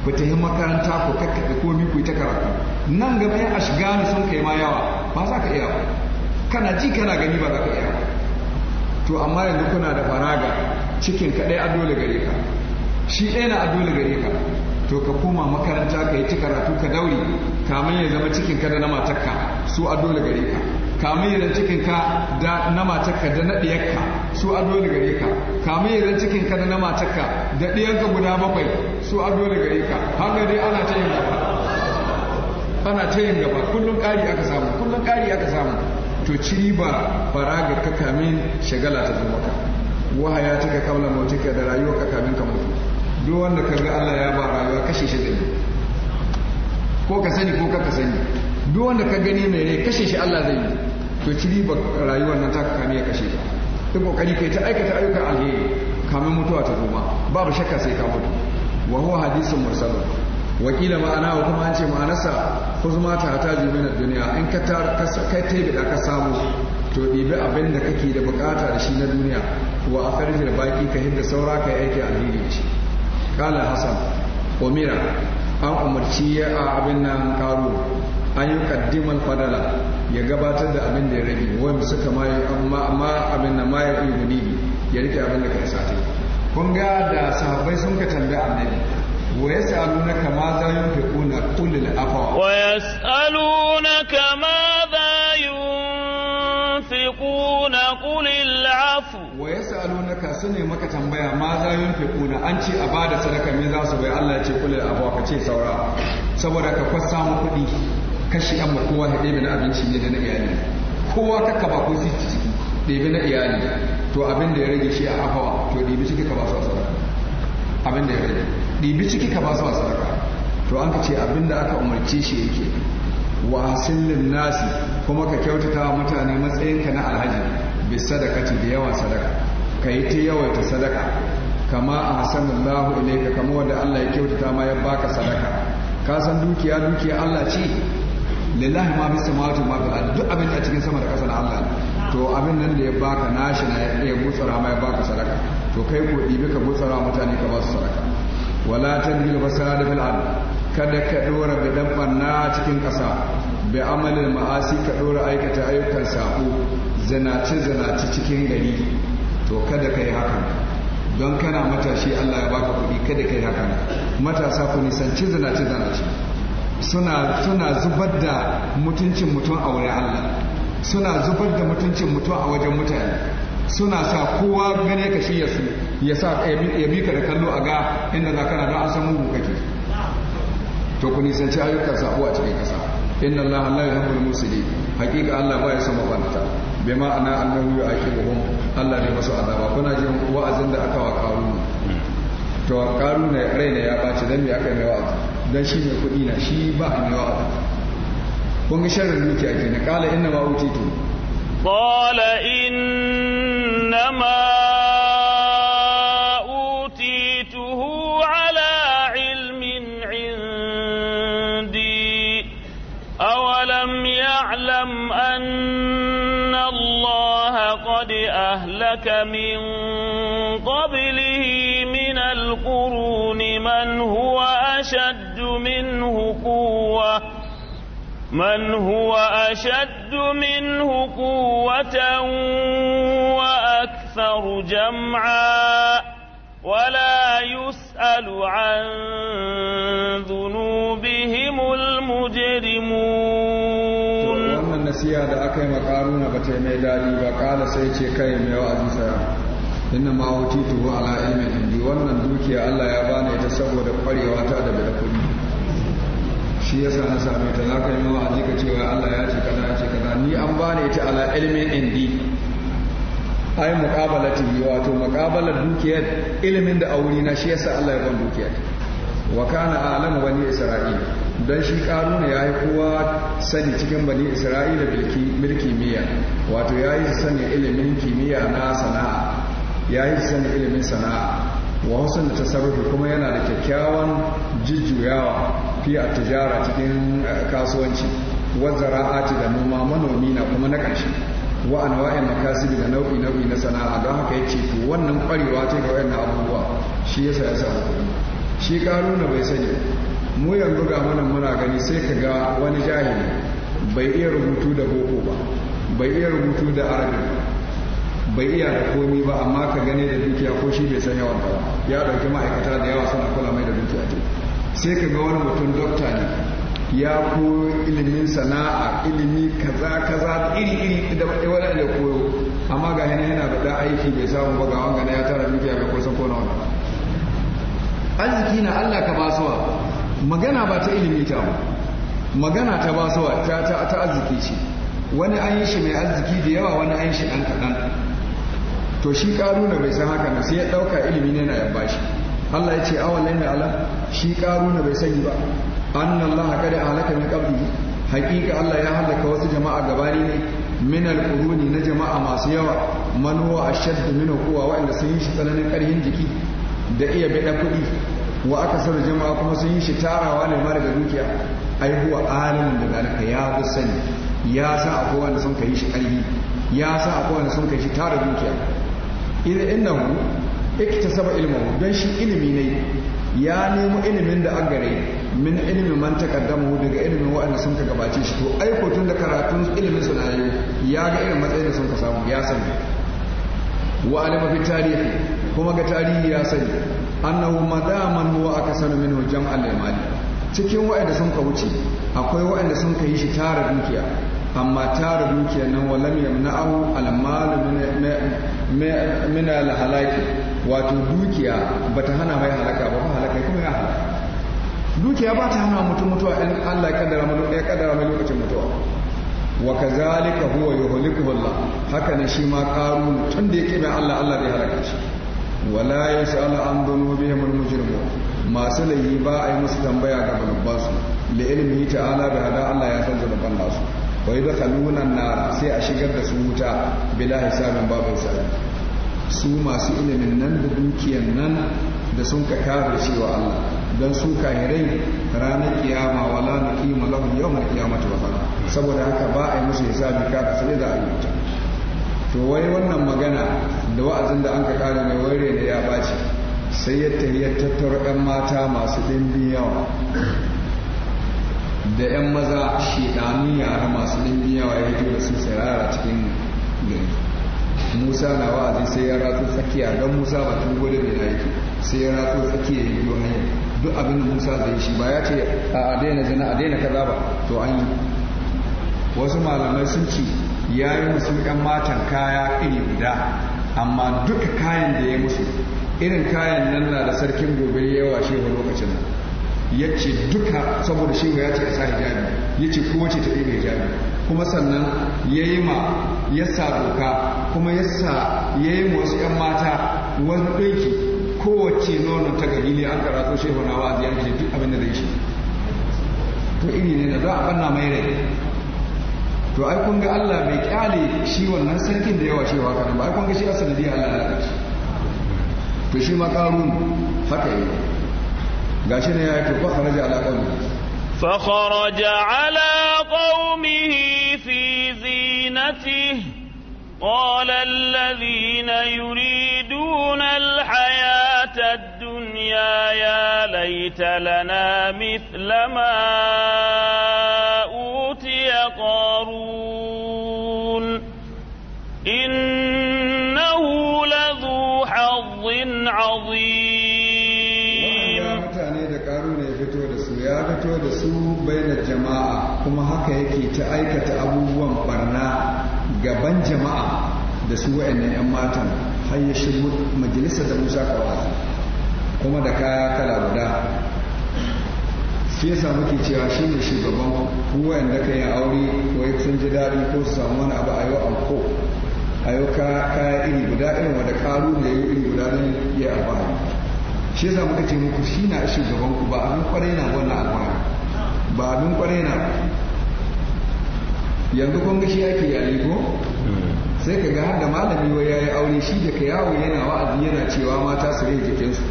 ku ta yi makaranta ku kakkaɗe komi ku ta karatu nan gaba ya ni sun kai ma yawa ba za ka iya kana ji kana gani ba za ka iya to amma yanzu kuna da faraga cikin kaɗai a dole gare ka shi ɗaya na a dole gare ka to ka koma makaranta ka yi ta karatu ka daure kamun ya zama cikin ka da na matakka su a dole gare ka kamun ya zama cikin ka da na matakka da na diyarka su a dole gare ka kamun ya zama cikin ka da na matakka da diyarka guda bakwai su a dole gare ka hanga dai ana ta yin gaba ana ta yin gaba kullum ƙari aka samu kullum ƙari aka samu to ciri ba bara ga ka kamin shagala ta zama ka wahaya ta ka kamla mautuka da rayuwa ka kamin ka mutu duk wanda ka ga Allah ya ba rayuwa kashe shi ko ka sani ko ka sani duk wanda ka gani mai ne kashe shi Allah zai yi to ci riba rayuwar nan ta ka kame ya kashe ta ta kokari kai ta aikata ayyukan alheri kamin mutuwa ta zo ma babu shakka sai ka mutu wa huwa hadisin mursal wakila ma'ana wa kuma an ce ma'anarsa huzma ta ta jimina duniya in ka ta kai ta da ka samu to ɗibi abin da kake da bukata da shi na duniya wa a da baki ka hidda saura ka yi aiki alheri da kala hasan umira an umarci ya a abin nan karu an yi kaddimar fadala ya gabatar da abin da ya rage wani suka ma abin na mayar ne ya rike abin da kai sati kun ga da sahabbai sun ka tambaya annabi wa yas'alunaka ma za yunfiquna qul lil afwa wa yas'alunaka ma yas'alunaka su ne maka tambaya ma za yunfiquna an ce a bada sadaka me za su bai Allah ya ce kula abu ka ce saura saboda ka kwasa mu kuɗi kashi amma kowa ya ɗebe na abinci ne da na iyali kowa ka kaba ko titi ciki ɗebe na iyali to abin da ya rage shi a afawa to ɗebi ciki ka ba su a sadaka abin da ya rage ɗebi ciki ka ba su a sadaka to an ka ce abin da aka umarce shi yake wa sillin nasi kuma ka kyautata wa mutane matsayinka na alhaji bi sadakati da yawan sadaka ka yi ta yawaita sadaka kama a hasanin lahu ilaika kama wanda Allah ya kyautata ma ya baka sadaka ka san dukiya dukiya Allah ce lillahi ma bisa ma ma fil duk abin da cikin sama da ƙasa na Allah to abin nan da ya baka nashi na ya gutsara ma ya baka sadaka to kai ko ɗibi ka gutsara mutane ka ba su sadaka wala tanbil fasada fil ard kada ka dora bidan banna cikin ƙasa bi amalin ma'asi ka dora aikata ayyukan sako zanace zanace cikin gari to kada ka yi hakan don kana matashi Allah ya baka kuɗi kada ka yi hakan matasa ku nisanci ci zana suna suna zubar da mutuncin mutum a wurin Allah suna zubar da mutuncin mutum a wajen mutane suna sa kowa gane ka shi ya ya sa ya bi ka da kallo a ga inda za kana don an san mugu kake to ku nisanci ayyukan sabo a cikin kasa. inna Allah la yuhibbul musulmi hakika Allah ba ya san mabanta bai ma'ana annahu ya ake gaban Allah ne masu azaba kuna jin wa'azin da aka wa ne to karuna raina ya ɓaci don me aka yi mai wa'azi don shi mai kuɗi na shi ba a mai wa'azi kun ga sharrin dukiya kenan qala inna ma utitu qala inna ma من قبله من القرون من هو أشد منه قوة من هو أشد منه قوة وأكثر جمعا ولا يسأل عن ذنوبهم المجرمون nasiya da aka yi makaruna ba ta mai daɗi ba kala sai ce kai mai wa'azi saya inna ma tuhu ala ilmin indi wannan dukiya Allah ya bani ita saboda kwarewa ta da bada kuɗi shi yasa na same ta za ka yi mawa ka cewa Allah ya ce kaza ya ce kaza ni an bani ita ala ilmin indi ai yi wato muqabalar dukiyar ilimin da a wuri na shi ya sa Allah ya ban dukiyar wa kana a'lamu bani isra'ila don shi ne ya yi kowa sani cikin bani isra'ila bilki miya wato ya yi sani ilimin kimiyya na sana'a ya yi sani ilimin sana'a wa husn da tasarrufi kuma yana da kyakkyawan jijjuyawa fi a tijara cikin eh, kasuwanci wa ati da noma manomi na kuma na ƙarshe wa na makasibi da nau'i nau'i na sana'a don haka ya ce to wannan ƙwarewa ce ga na abubuwa shi yasa ya samu kuɗi shi na bai sani mu yanzu ga mana muna gani sai ka ga wani jahili bai iya rubutu da boko ba bai iya rubutu da arabi bai iya da komi ba amma ka gane da dukiya ko shi bai san yawan ba ya dauki ma'aikata da yawa suna kula mai da dukiya ce sai ka ga wani mutum dokta ne ya koyo ilimin sana'a ilimi kaza kaza iri iri da wani da koyo amma ga yana yana da aiki bai samu ba ga wanga ya tara dukiya bai ko kona wani arziki na Allah ka basuwa magana ba ta ilimi ta ba magana ta ba ta ta arziki ce wani an yi shi mai arziki da yawa wani an yi shi ɗan kaɗan to shi na bai san haka sai ya ɗauka ilimi ne na yabba shi Allah ya ce ne mai ala shi na bai sani ba an nan Allah kada a halaka min ƙabdi hakika Allah ya halaka wasu jama'a gabani ne min al-quruni na jama'a masu yawa manuwa a shaddu min kuwa waɗanda sun yi shi tsananin ƙarhin jiki da iya bada kuɗi wa aka sanar jama'a kuma sun yi shi tarawa ne ma daga dukiya ai huwa alim da zalika ya gusani sani ya sa akwai wanda sun kai shi ƙarfi ya sa akwai wanda sun kai shi tara dukiya idan innahu iktasaba ilmahu dan shi ilimi ne ya nemo ilimin da an gare min ilimin man taqaddama daga ilimin wa'anda sun ka gabace shi to aiko tun da karatun ilimin su na ya ga irin matsayin da sun ka samu ya sani wa alama fi tarihi kuma ga tarihi ya sani annahu madaman huwa akasanu minhu jam'al mali cikin wa'anda sun ka wuce akwai wa'anda sun ka yi shi tara dukiya amma tara dukiya nan wa lam yamna'u al mal min al halaki wato dukiya bata hana mai halaka ba halaka kuma ya halaka dukiya ba ta hana mutum mutuwa in Allah ya kaddara mu ya kaddara mai lokacin mutuwa wa kazalika huwa yuhlikuhu Allah haka ne shi ma karu tun da yake mai Allah Allah bai halaka shi wala ya sha'ala an dhunubihim al-mujrimun masu laifi ba a yi musu tambaya ga balubbasu da yi ta'ala da hada Allah ya san zaban nasu wa da kalunan na sai a shigar da su wuta bila hisabin babu hisabi su masu ilimin nan da dukiyan nan da sun ka kafir cewa Allah don su kahirai ranar kiyama wala yau yau yawmal ta wazana saboda haka ba a yi musu hisabi kafir sai da wuta. to wai wannan magana da wa'azin da an ka kara mai wai da ya bace sai ya ya tattara 'yan mata masu ɗimbin yawa da 'yan maza shaɗanu yara masu ɗimbin yawa ya fito da su tsirara cikin gari musa na wa'azi sai ya ratsu tsakiya don musa ba tun gode mai aiki sai ya ratsu tsakiya ya yi hanyar duk abin da musa zai shi ba ya ce a daina zina a daina kaza ba to an yi wasu malamai sun ce ya yi musu yan matan kaya iri guda amma duka kayan da ya musu irin kayan nan na da sarkin gobe yawa wa lokacin nan ya ce duka saboda shi ya ce ta sa hijabi ya ce kuma ce ta ɗaya hijabi kuma sannan ya yi ma ya sa doka kuma ya sa ya yi ma wasu yan mata wani ɗauki kowace nono ta gari ne an karatun shehu na wa'azi ya ce duk abin da zai shi to iri ne na za a ɓanna mai rai to ai kun ga Allah bai kyale shi wannan sarkin da yawa cewa kana ba ai kun ga shi asalin Allah ya lalace to shi ma karun haka yi gashi ne ya ce fa kharaja ala qawmi fa kharaja ala qawmihi fi zinatihi قال الذين يريدون الحياة الدنيا يا ليت لنا مثل ما عظيم mutane da karuna ya fito da su ya fito da su bainar jama'a kuma haka yake ta aikata abubuwan barna gaban jama'a da su wa'annan 'yan matan har ya shigo majalisar da musa kawai kuma da kaya kala guda shi muke cewa shi ne shugaban wa'anda ka yi aure ko sun ji daɗi ko su samu wani abu a yau ko a yau kaya iri guda irin wanda karu da yau iri guda don ya alfahari shi yasa muka ce muku shi na shugaban ku ba abin kwarai na wannan alfahari ba abin kwarai na yanzu kun ga shi ake yali ko sai ka ga har da malami wai yayi aure shi da ka yawo yana wa'azi yana cewa mata su rai jikinsu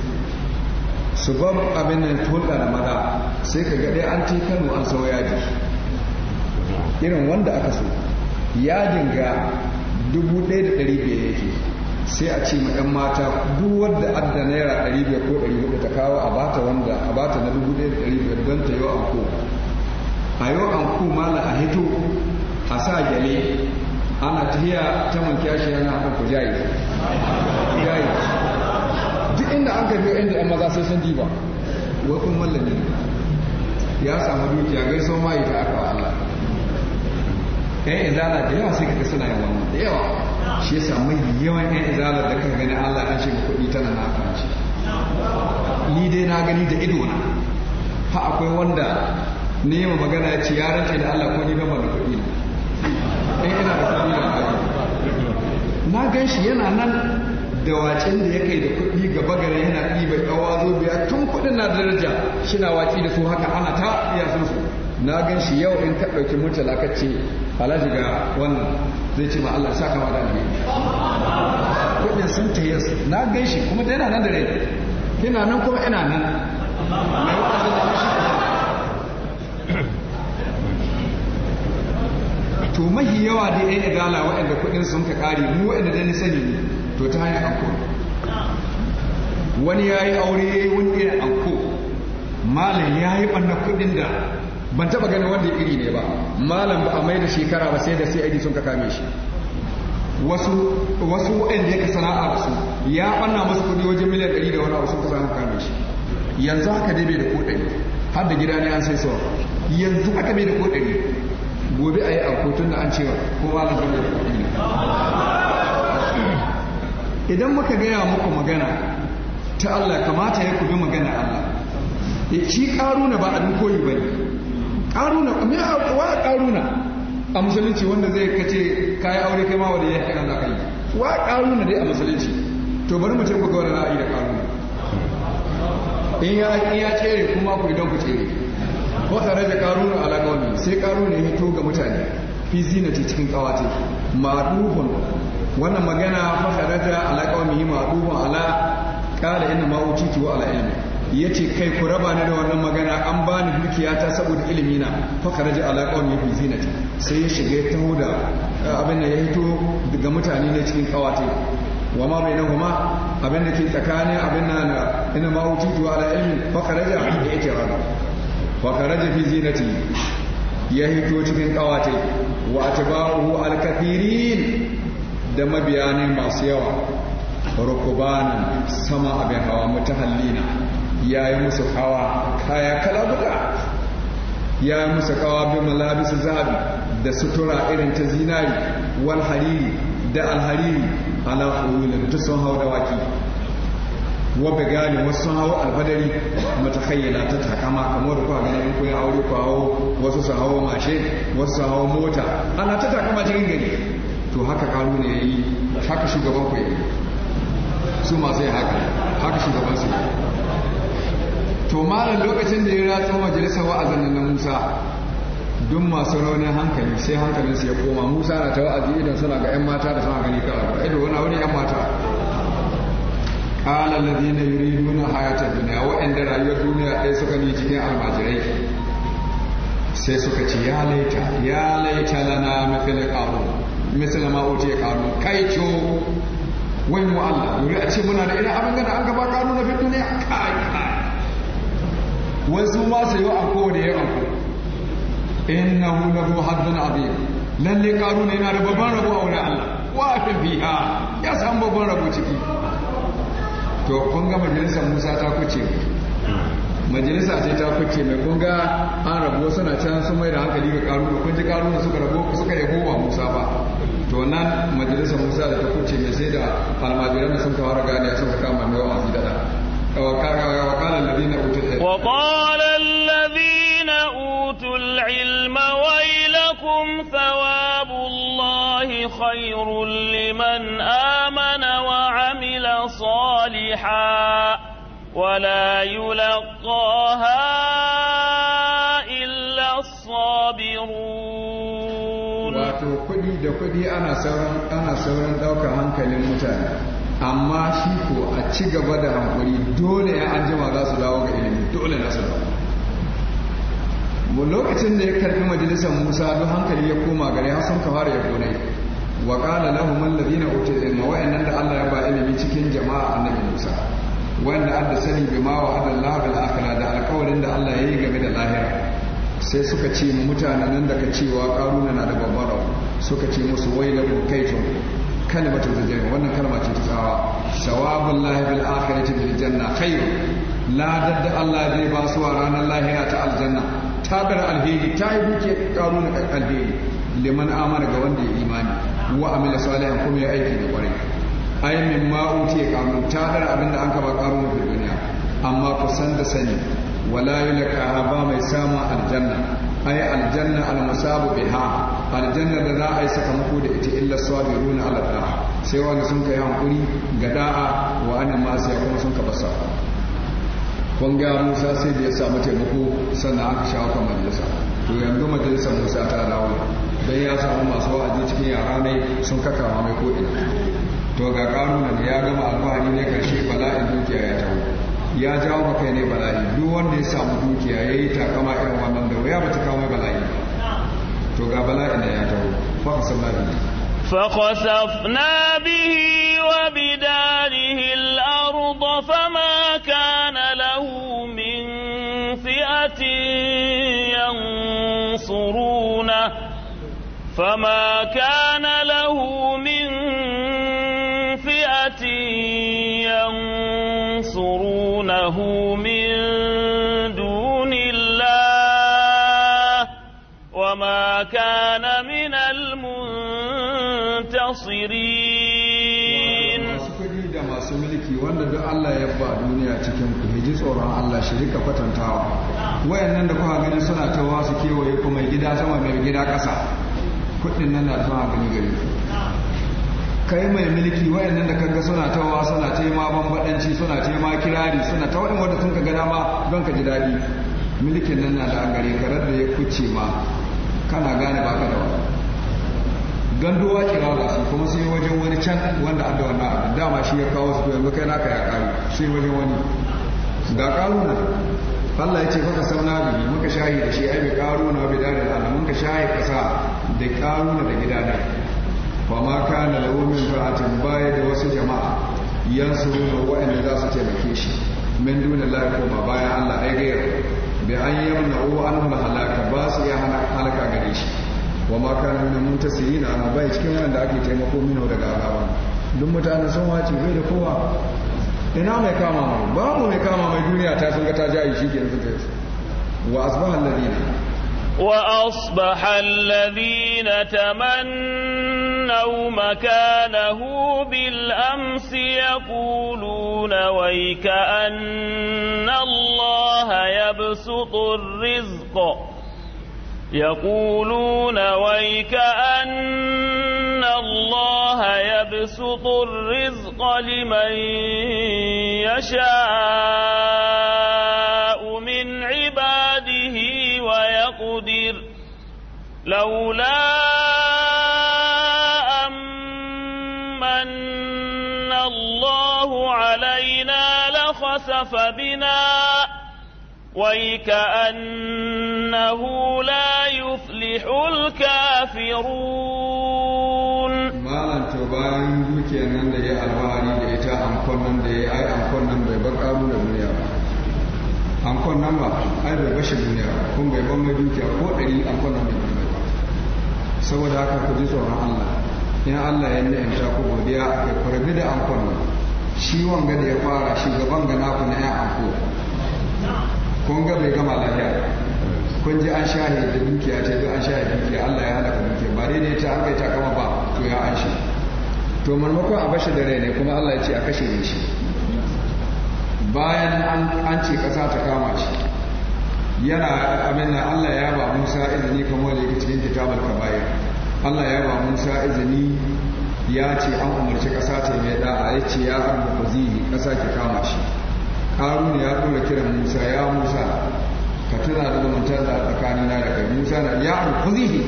su ba abin nan hulɗa da maza sai ka ga dai an ce Kano an sauya yaji irin wanda aka so yajin ga dubu ɗaya da ɗari biyar yake sai a ce ma 'yan mata duk wadda adda naira ɗari biyar ko ɗari hudu ta kawo a bata wanda a bata na dubu ɗaya da ɗari biyar don ta yi anko a yi anko mala a hito a sa gyale ana tafiya ta mankiya shi yana haka ku jayi jayi duk inda an karbi inda 'yan maza sai sun diba wai kun mallami ya samu dukiya gaisuwa ma yi ta aka wa Allah kai izala da yawa sai kaga suna yawa da yawa shi yasa mai yawan yan izala da kan gani Allah ya shiga kuɗi tana na kanci ni dai na gani da ido na fa akwai wanda ne yi magana ya ce ya rantsa da Allah ko ni ba da kuɗi na eh, ina da kuɗi na na gan shi yana nan da wacin da ya kai da kuɗi gaba gare yana ɗiba ƙawa zo biya tun kuɗin na daraja shi na waci da su haka ana ta iya sun su na gan shi yau in ka ɗauki murtala ka alhaji ga wannan zai ce ma Allah sa kama da alheri kudin sun yi na gan shi kuma da yana nan da rai kina nan kuma ina nan mai to mahi yawa da ya igala waɗanda kuɗin sun ka ƙari mu waɗanda da ni sani ne to ta hanyar anko wani ya yi aure ya yi wani irin anko malam ya yi ɓanna kuɗin da ban taba ganin wanda ya iri ne ba malam ba a mai da shekara ba sai da CID sun ka kame shi wasu wasu da ya sana'a su ya ɓanna musu kuɗi wajen miliyan ɗari da wani abu sun ka samu kame shi yanzu haka dai bai da kodari har da gida ne an sai sawa yanzu haka bai da kodari gobe a yi alkotun da an cewa ko malam bai da kuɗi idan muka gaya muku magana ta Allah kamata ya kubi magana Allah eh, shi ƙaru na ba abin koyi ba ne karuna me wa karuna a musulunci wanda zai kace kayi aure kai ma da ya haka za ka yi wa karuna dai a musulunci to bari mu ga wannan ra'ayi da karuna in ya in ya tsere kuma ku idan ku tsere ko tare da karuna ala gauni sai karuna ya hito ga mutane fi zinati cikin kawate ma'dufun wannan magana fa kharaja ala qaumi ma'dufun ala qala inna ciwo ala ilmi ya ce kai ku raba ni da wannan magana an ba ni dukiyata saboda ilimi na fa ji ala qawmi fi zinati. sai ya shiga ya taho da eh, abin da ya hito daga mutane ne cikin kawate wa ma bai nahuma abin da ke tsakanin abin nan na ina ma wuce tuwa ala ilmin fa kharaja ya ce rana fakar fi zinati ya hito cikin kawate wa atba'uhu alkathirin da mabiyanai masu yawa rukubanan sama abin hawa mutahallina ya yi musu hawa kaya kalabuka ya yi musu kawa bi malabisu zabi da sutura irin ta zinari wal hariri da alhariri ala hulun duk sun hau dawaki wa begani wasu sun hau alfadari matakhayyala ta takama kamar ku ga nan ku aure ku hau wasu sun hawa mashe wasu sun hawa mota ana ta takama cikin gari to haka kanu ne yayi haka shugaban ku su masu yi haka haka shugaban su to malam lokacin da ya ratso majalisar wa'azin na musa duk masu raunin hankali sai hankalin su ya koma musa na ta wa'azi idan suna ga yan mata da suna gani kawai ga ido wani wani yan mata qala alladhina yuriduna hayata dunya wa'anda rayuwar duniya ɗaya suka ni cikin almajirai sai suka ce ya laita ya laita lana mithla qarun misali ma utiya kai kaico wai mu Allah yuri a ce muna da irin abin gada an gaba qarun na fi duniya kai kai wasu ma su yi wa anko da ya anko innahu lahu haddun abin lalle ne yana da babban rabo a wurin Allah wa fi biya ya san babban rabo ciki to kun ga majalisar Musa ta kuce majalisa ce ta kuce mai kun ga an rabo suna can sun mai da hankali ga da kun ji da suka rabo suka yabo wa Musa ba to nan majalisar Musa da ta kuce mai sai da almajiran sun kawar gani sun kama mai wa'azi da وقال الذين أوتوا العلم وقال الذين أوتوا العلم ويلكم ثواب الله خير لمن آمن وعمل صالحا ولا يلقاها إلا الصابرون واتو كدي دا أنا سوران أنا سوران دوك عنك للمتابعة amma shi ko a ci gaba da hankuri dole ya an jima za su dawo ga ilimi dole na su dawo lokacin da ya karfi majalisar musa duk hankali ya koma gare har sun fara ya gone wa qala lahum alladhina utul da wa inna da Allah ya ba ilimi cikin jama'a annabi musa wanda adda sani bi ma wa adallahu bil da alƙawarin da Allah ya yi game da lahira sai suka ce mu mutanen nan daga cewa karuna na da babbar suka ce musu wailakum kaitum kalimatu zajrin wannan kalma ce ta tsawa sawabul lahi bil akhirati bil janna khairu ladar da Allah zai ba su a ranar lahira ta aljanna ta bar alheri ta yi buke karu na alheri liman ga wanda ya imani wa amila salihan kuma ya aiki da kwarai ai min ma uti karu ta dar abinda an kaba karu na duniya amma ku san da sani wala kaya ba mai sama aljanna ai aljanna Almasabu biha aljanna da za a yi sakamako da ita illa sabiruna ala da'a sai wanda sun kai hankuri ga da'a wa ana ma sai kuma sun ka basa kun ga Musa sai da ya samu taimako sannan aka shawo kan majalisa to yanzu majalisa Musa ta dawo dan ya samu masu wa'azi cikin yara ne sun kakawa mai ko ina to ga karuna ne ya gama alfahari ne karshe bala'in dukiya ya tawo ya jawo maka ne bala'i duk wanda ya samu dukiya ya yi takama irin wannan da wuya bata kawo bala'i to ga bala'i na ya taho fakasafna bihi fakasafna bihi wa bidarihi al-ardh fama kana lahu min fi'atin fama من المنتصرين da masu mulki wanda duk Allah ya ba duniya cikin ku ji tsoron Allah shi rika kwatantawa wayannan da kuka gani suna tawa su kewaye ku mai gida sama mai gida ƙasa kudin nan na tawa gani gari kai mai mulki wayannan da kanka suna tawa suna ta ma bambadanci suna ta ma kirari suna ta wanda sun ka gana ma don ka ji daɗi mulkin nan na da an gare ka da ya kuce ma kana gane ba da wani ganduwa ke ba su kuma sai wajen wani can wanda an da wannan dama shi ya kawo su yanzu kai naka ya karu sai wajen wani ga na. Allah ya ce faka sauna biyu muka shahi da shi ai bi na bi dare da muka shahi kasa da na da gida da fa ma kana lahu min fa'atin baya da wasu jama'a yansu wa'anda za su taimake shi min duna lafiya ma bayan Allah ai gaya. bi an yamna'u anhu halaka ba su iya hana halaka gare shi wa ma kana min muntasirina ana bai cikin wanda ake taimako mino daga azaba duk mutanen sun wace bai da kowa ina mai kama mu ba mu mai kama mai duniya ta sun ga ta jayi shi kenan suka yi wa asbaha alladhina وأصبح الذين تمنوا مكانه بالأمس يقولون ويكأن الله يبسط الرزق يقولون ويك أن الله يبسط الرزق لمن يشاء من عباده ويقدر لولا ويكأنه لا يفلح الكافرون malam to bayan dukiyar nan da ya alfahari da ita amkon nan da ya ai amkon nan bai bar karu da duniya ba amkon nan ba ai bai bashi duniya ba kun bai ban dukiya ko ɗari nan ba saboda haka ku ji tsoron Allah in Allah ya ni'imta ku godiya ya farbi da amkon nan shi wanga da ya fara shugaban ga naku na ya amko kun ga bai gama lafiya kun ji an shahe da dukiya ce duk an da dukiya Allah ya halaka dukiya ba dai ne ta an kai ta kama ba to ya an shi to marmakon a bashi da rai ne kuma Allah ya ce a kashe ne shi bayan an ce ƙasa ta kama shi yana na Allah ya ba Musa izini kamar da yake cikin kitabar kabayar Allah ya ba Musa izini ya ce an umarci ƙasa ta mai da'a ya ce ya arba ƙasa ki kama shi haruna ya dora kiran musa ya musa ka tana da zumunta da tsakanina da kai musa na ya alkuzihi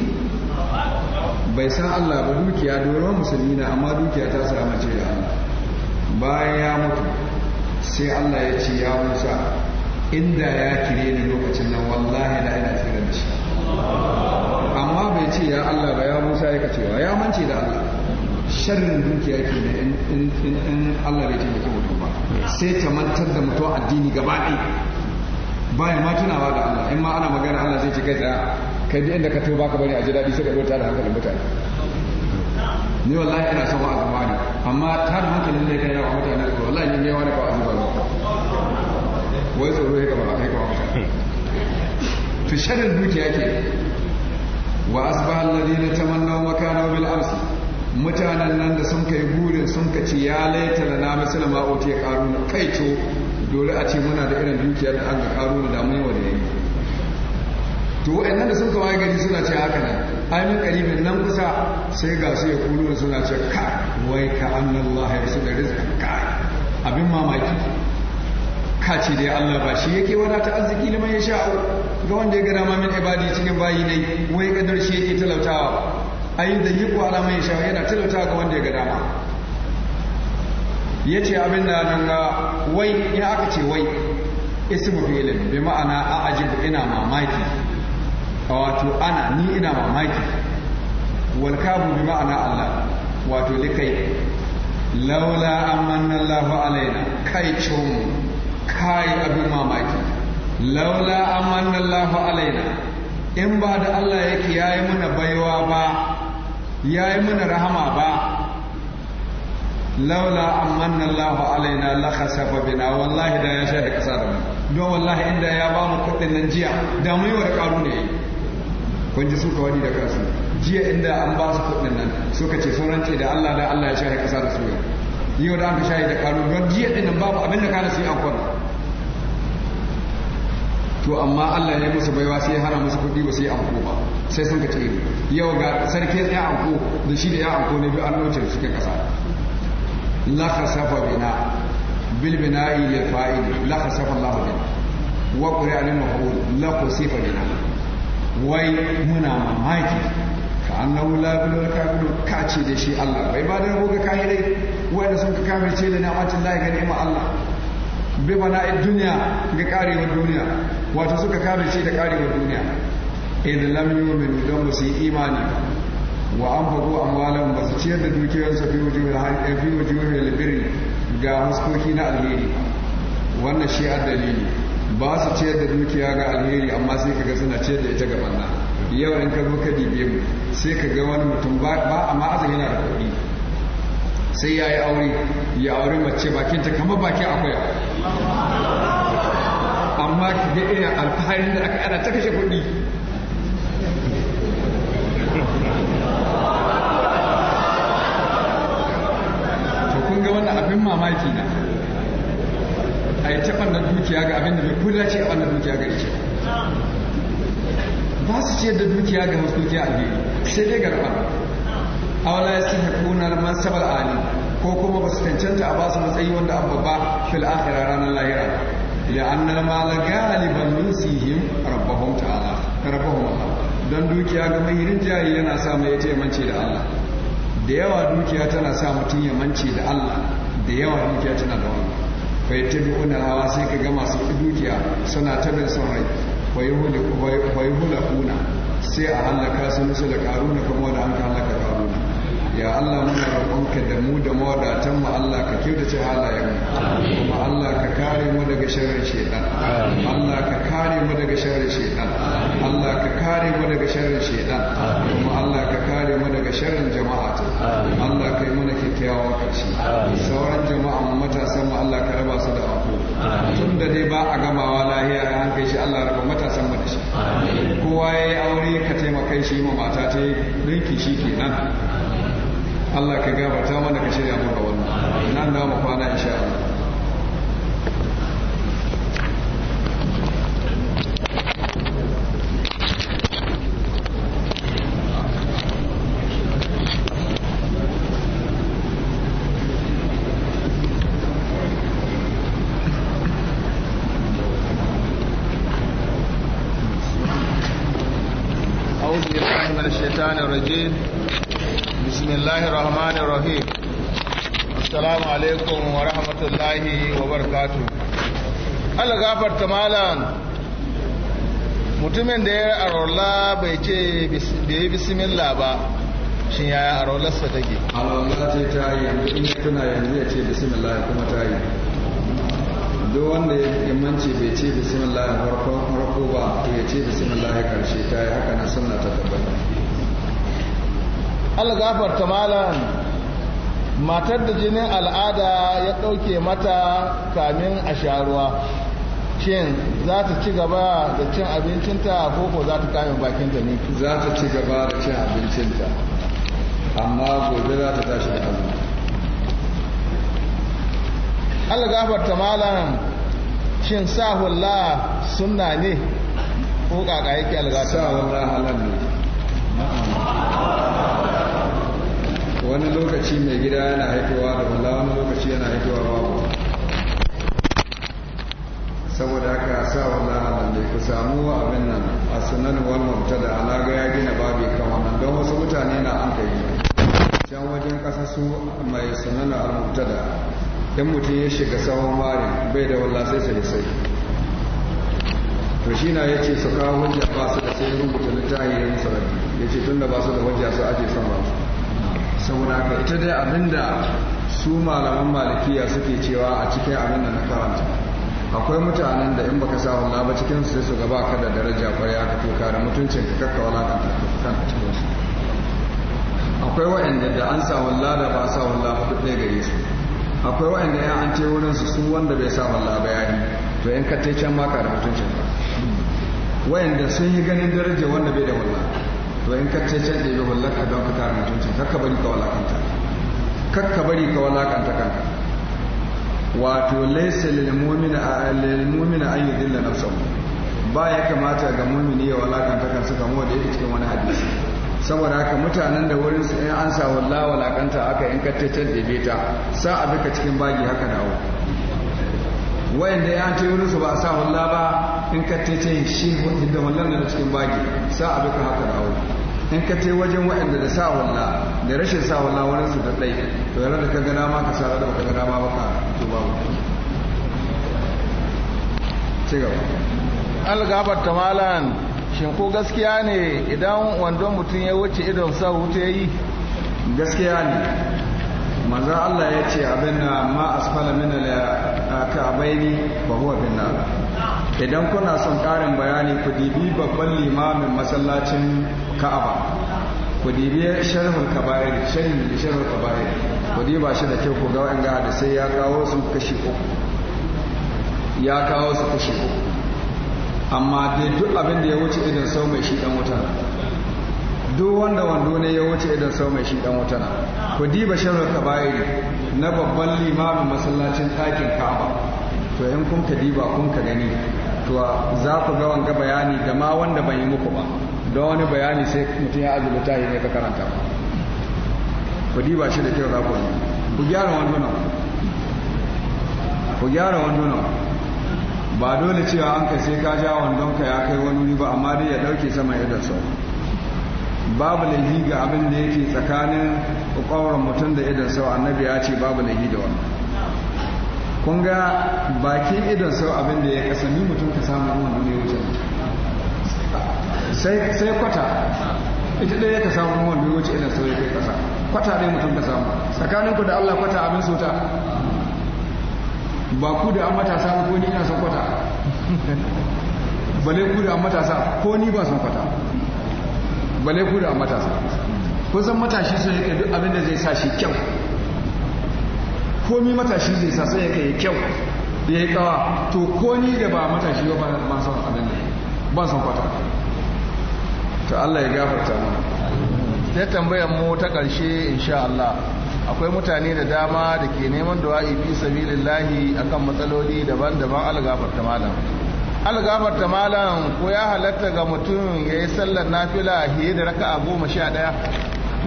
bai san allah ba dukiya doron musulmi na amma dukiya ta samu ce da allah bayan ya mutu sai allah ya ce ya musa inda ya kire ni lokacin nan wallahi na ina tsira da shi amma bai ce ya allah ba ya musa ya kacewa ya mance da allah sharrin dukiya ke da in allah bai taimaki mutum sai ta mantar da mutum addini gaba ɗaya ma tunawa da Allah in ma ana magana Allah zai ce kai tsaya kai duk inda ka to baka bari a ji daɗi sai ka dota da hankalin mutane ni wallahi ina son wa'azi amma ta da hankalin da kai yawa mutane ko wallahi ni ne wani ba wa'azi ba wai tsoro ya gaba kai kuma mutane to shirin dukiya ke wa asbaha alladhina tamannaw makana bil amsi mutanen nan da sun kai burin sun ka ci ya laita lana misali ma ote karuna kai to dole a ce muna da irin dukiya da an ga karuna da damun wanda yayi to wa'annan da sun kawo gani suna ce haka nan ai min nan kusa sai ga su ya kulu suna ce ka wai ka annallahi ya da rizqa ka abin mamaki ka ce dai Allah ba shi yake wadata arziki liman ya sha'u ga wanda ya gara dama min ibadi cikin bayi ne wai kadar shi yake talautawa ayin da yi kuwa alamun sha yana talauta ga wanda ya ga dama ya ce abin da nan ga wai ya aka ce wai ismu fi'ilin bi ma'ana a ajibu ina mamaki wato ana ni ina mamaki wal kabu bi ma'ana Allah wato likai laula amanna Allah alaina kai cum kai abin mamaki laula amanna Allah alaina in ba da Allah yake yayi mana baiwa ba ya yi mana rahama ba laula amman Allah alaina la khasafa bina wallahi da ya shaida kasa da mu don wallahi inda ya ba mu kudin nan jiya da mu yi wa karu ne kun ji suka wani da kansu jiya inda an ba su kudin nan suka ce sauran ce da Allah da Allah ya shaida kasa da su yau da an ka shaida karu don jiya din nan babu abin da su yi an kwana to amma Allah ne musu baiwa sai hana musu kuɗi ba sai anko ba sai sun ka ne yau ga sarkin ya anko da shi da ya anko ne bi an noce ke kasa la khasafa bina bil bina'i li fa'il la khasafa Allah bina wa qur'a lil mahul la khasafa bina wai muna mamaki ka annahu la bil kafiru ka ce da shi Allah bai ba da goga wai wanda sun ka kamace da ni'matin Allah ga ni'ma Allah bi a duniya ga karewar duniya wato suka kare shi da karewar duniya idan lam yu'minu don ba su yi imani ba wa an fago amwalan ba su ciyar da dukiyarsa fi wujuhil haqi eh, fi wujuhil birri ga huskoki na alheri wannan shi a dalili ba su ciyar da dukiya ga alheri amma sai ka ga suna ciyar da ita ga banna yau in ka zo ka dibe mu sai ka ga wani mutum ba amma azumi yana da kuɗi sai ya yi aure ya aure mace bakinta kamar bakin akwai amma ga iya alfahari da aka ana ta kashe kuɗi to kun ga wannan abin mamaki na a yi taɓa na dukiya ga abin da bai kula ce a wannan dukiya ga ice ba su ce da dukiya ga masu dukiya biyu sai dai garba awala yastahibuna al-mansab al-ali ko kuma ba su cancanta a ba su matsayi wanda an babba fil akhirah ranar lahira ya لأن المال غالبا ينسيهم ربهم تعالى rabahun الله don dukiya ga mahirin jayi yana sa mai yace mance da Allah da yawa dukiya tana sa mutum ya mance da Allah da yawa dukiya tana da wannan fa yattabi'una hawa sai ka ga masu dukiya suna ta bin son rai hula kuna sai a halaka su musu da karuna kuma da an halaka ya Allah muna roƙonka da mu da mawadatan mu Allah ka kyautace halayen mu kuma Allah ka kare mu daga sharrin shaitan Allah ka kare mu daga sharrin shaitan Allah ka kare mu daga sharrin shaitan kuma Allah ka kare mu daga sharrin jama'a Allah Kai mu mana kyakkyawan karshe sauran jama'a matasan mu Allah ka raba su da afu tun da dai ba a gamawa lahiya ya hankali shi Allah raba matasan mu da shi kowa ya yi aure ka taimaka shi ma mata ta yi ɗinki shi kenan Allah ka gafarta mana ka shirya maka wannan nan na mu kwana insha Allah الشيطان الرجيم السلام عليكم wa الله wa barakatu Allah تمالا malam mutumin da ya arola bai ce bai yi bismillah ba shin yaya arolarsa take arola ce ta yi in tana yanzu ya ce bismillah kuma ta yi duk wanda ya manci bai ce bismillah farkon farko ba to ya ce bismillah karshe ta yi haka na sunna ta tabbata Allah gafarta malam matar da jinin al'ada ya ɗauke mata kamin a sharuwa shin za ta ci gaba da cin abincinta ko za ta kame bakinta ne za ta ci gaba da cin abincinta amma gobe za ta tashi da azumi Allah ta malam shin sa hulla sunna ne ko kaka yake algata sa hulla halal ne wani lokaci mai gida yana haifuwa da balla wani lokaci yana haifowa babu saboda haka sa wala lalle ku samu abin nan a sunan wal mubtada na ga ya gina babu kan wannan don wasu mutane na an kai can wajen kasa su mai sunan al mubtada in mutum ya shiga sawon mari bai da walla sai sai sai to shi na su kawo hujja ba su da sai rubuta littafi sarari ya ce tun da ba su da hujja su ake son ba su saboda ka ita dai abinda su malaman malikiya suke cewa a cikin abinda na karanta akwai mutanen da in baka sa wala ba cikin su sai su gaba ka da daraja ya ka toka da mutuncin ka kakka wala kan kan cikin su akwai wa'anda da an sa walla da ba sa walla ba duk ga gare su akwai wa'anda ya an ce wurin su su wanda bai sa walla ba yayi to in ka tai can ma ka da mutuncin ka wa'anda sun yi ganin daraja wanda bai da walla to in ka ce can ɗebe hullarka don ka kare mutuncin kakka bari ka walakanta kakka bari ka walakanta kanka wato laisa lil mu'mina lil mu'mina an yudilla nafsahu ba ya kamata ga mu'mini ya walakanta kansa kamar da yake cikin wani hadisi saboda haka mutanen da wurin su in an sa walla walakanta aka in ka ce can ɗebe ta sa abin cikin bagi haka dawo da ya ce wurin su ba a sa hulla ba in ka te ce shi da hullan da cikin baki sa a ka haka wuri in ka wajen wayanda da sa hulla da rashin sa hulla wurin su da dai to yana da ka dama ka sa da ka dama ba ka to ba ci ga algabar tamalan shin ko gaskiya ne idan wandon mutum ya wuce idon sa wuta yayi gaskiya ne manzan Allah ya ce abin na ma asfala mina da ni ba huwa bin idan kuna son ƙarin bayani ku dibi babban limamin masallacin ka'aba ku dibi sharhul kaba'ir sharhin da sharhul kaba'ir ku diba shi da kyau ku ga wa'anga da sai ya kawo su kashi uku ya kawo su kashi uku amma dai duk abin da ya wuce idan sau mai shi dan wuta duk wanda wando ne ya wuce idan sau mai shi dan wuta ku diba sharrar kaba'iri na babban limamin masallacin ɗakin kaba to in kun ka diba kun ka gani to za ku ga wanga bayani da ma wanda ban yi muku ba don wani bayani sai mutum ya azumi tahi ne ka karanta ba ku diba shi da kyau za ku ku gyara wandunan ku gyara wandunan ba dole cewa an ka sai ka ja wandonka ya kai wani ba amma dai ya ɗauke sama idan sau babu laifi ga abin da yake tsakanin ƙwaƙwaron mutum da idan sau annabi ya ce babu laifi da wannan kun ga bakin idan sau abin da ya kasami mutum ka samu ruwan duniya wuce sai kwata ita ɗaya ka samu ruwan duniya wuce idan sau ya kai kasa kwata ɗaya mutum ka samu tsakaninku da allah kwata abin sauta. ba ku da an matasa ko ni ina son kwata bale ku da an matasa ko ni ba son kwata bale ku da matasa ko san matashi sun yake duk abinda zai sa shi kyau komi matashi zai sa sai yake yi kyau ya yi kawa to ko ni da ba matashi ba ba san abin da ba san kwata to Allah ya gafarta mu ya tambayar mu ta ƙarshe insha Allah akwai mutane da dama da ke neman du'a fi sabilillahi akan matsaloli daban-daban gafarta malam algamar ta malam ko ya halatta ga mutum ya yi sallar nafila fiye da raka a goma sha ɗaya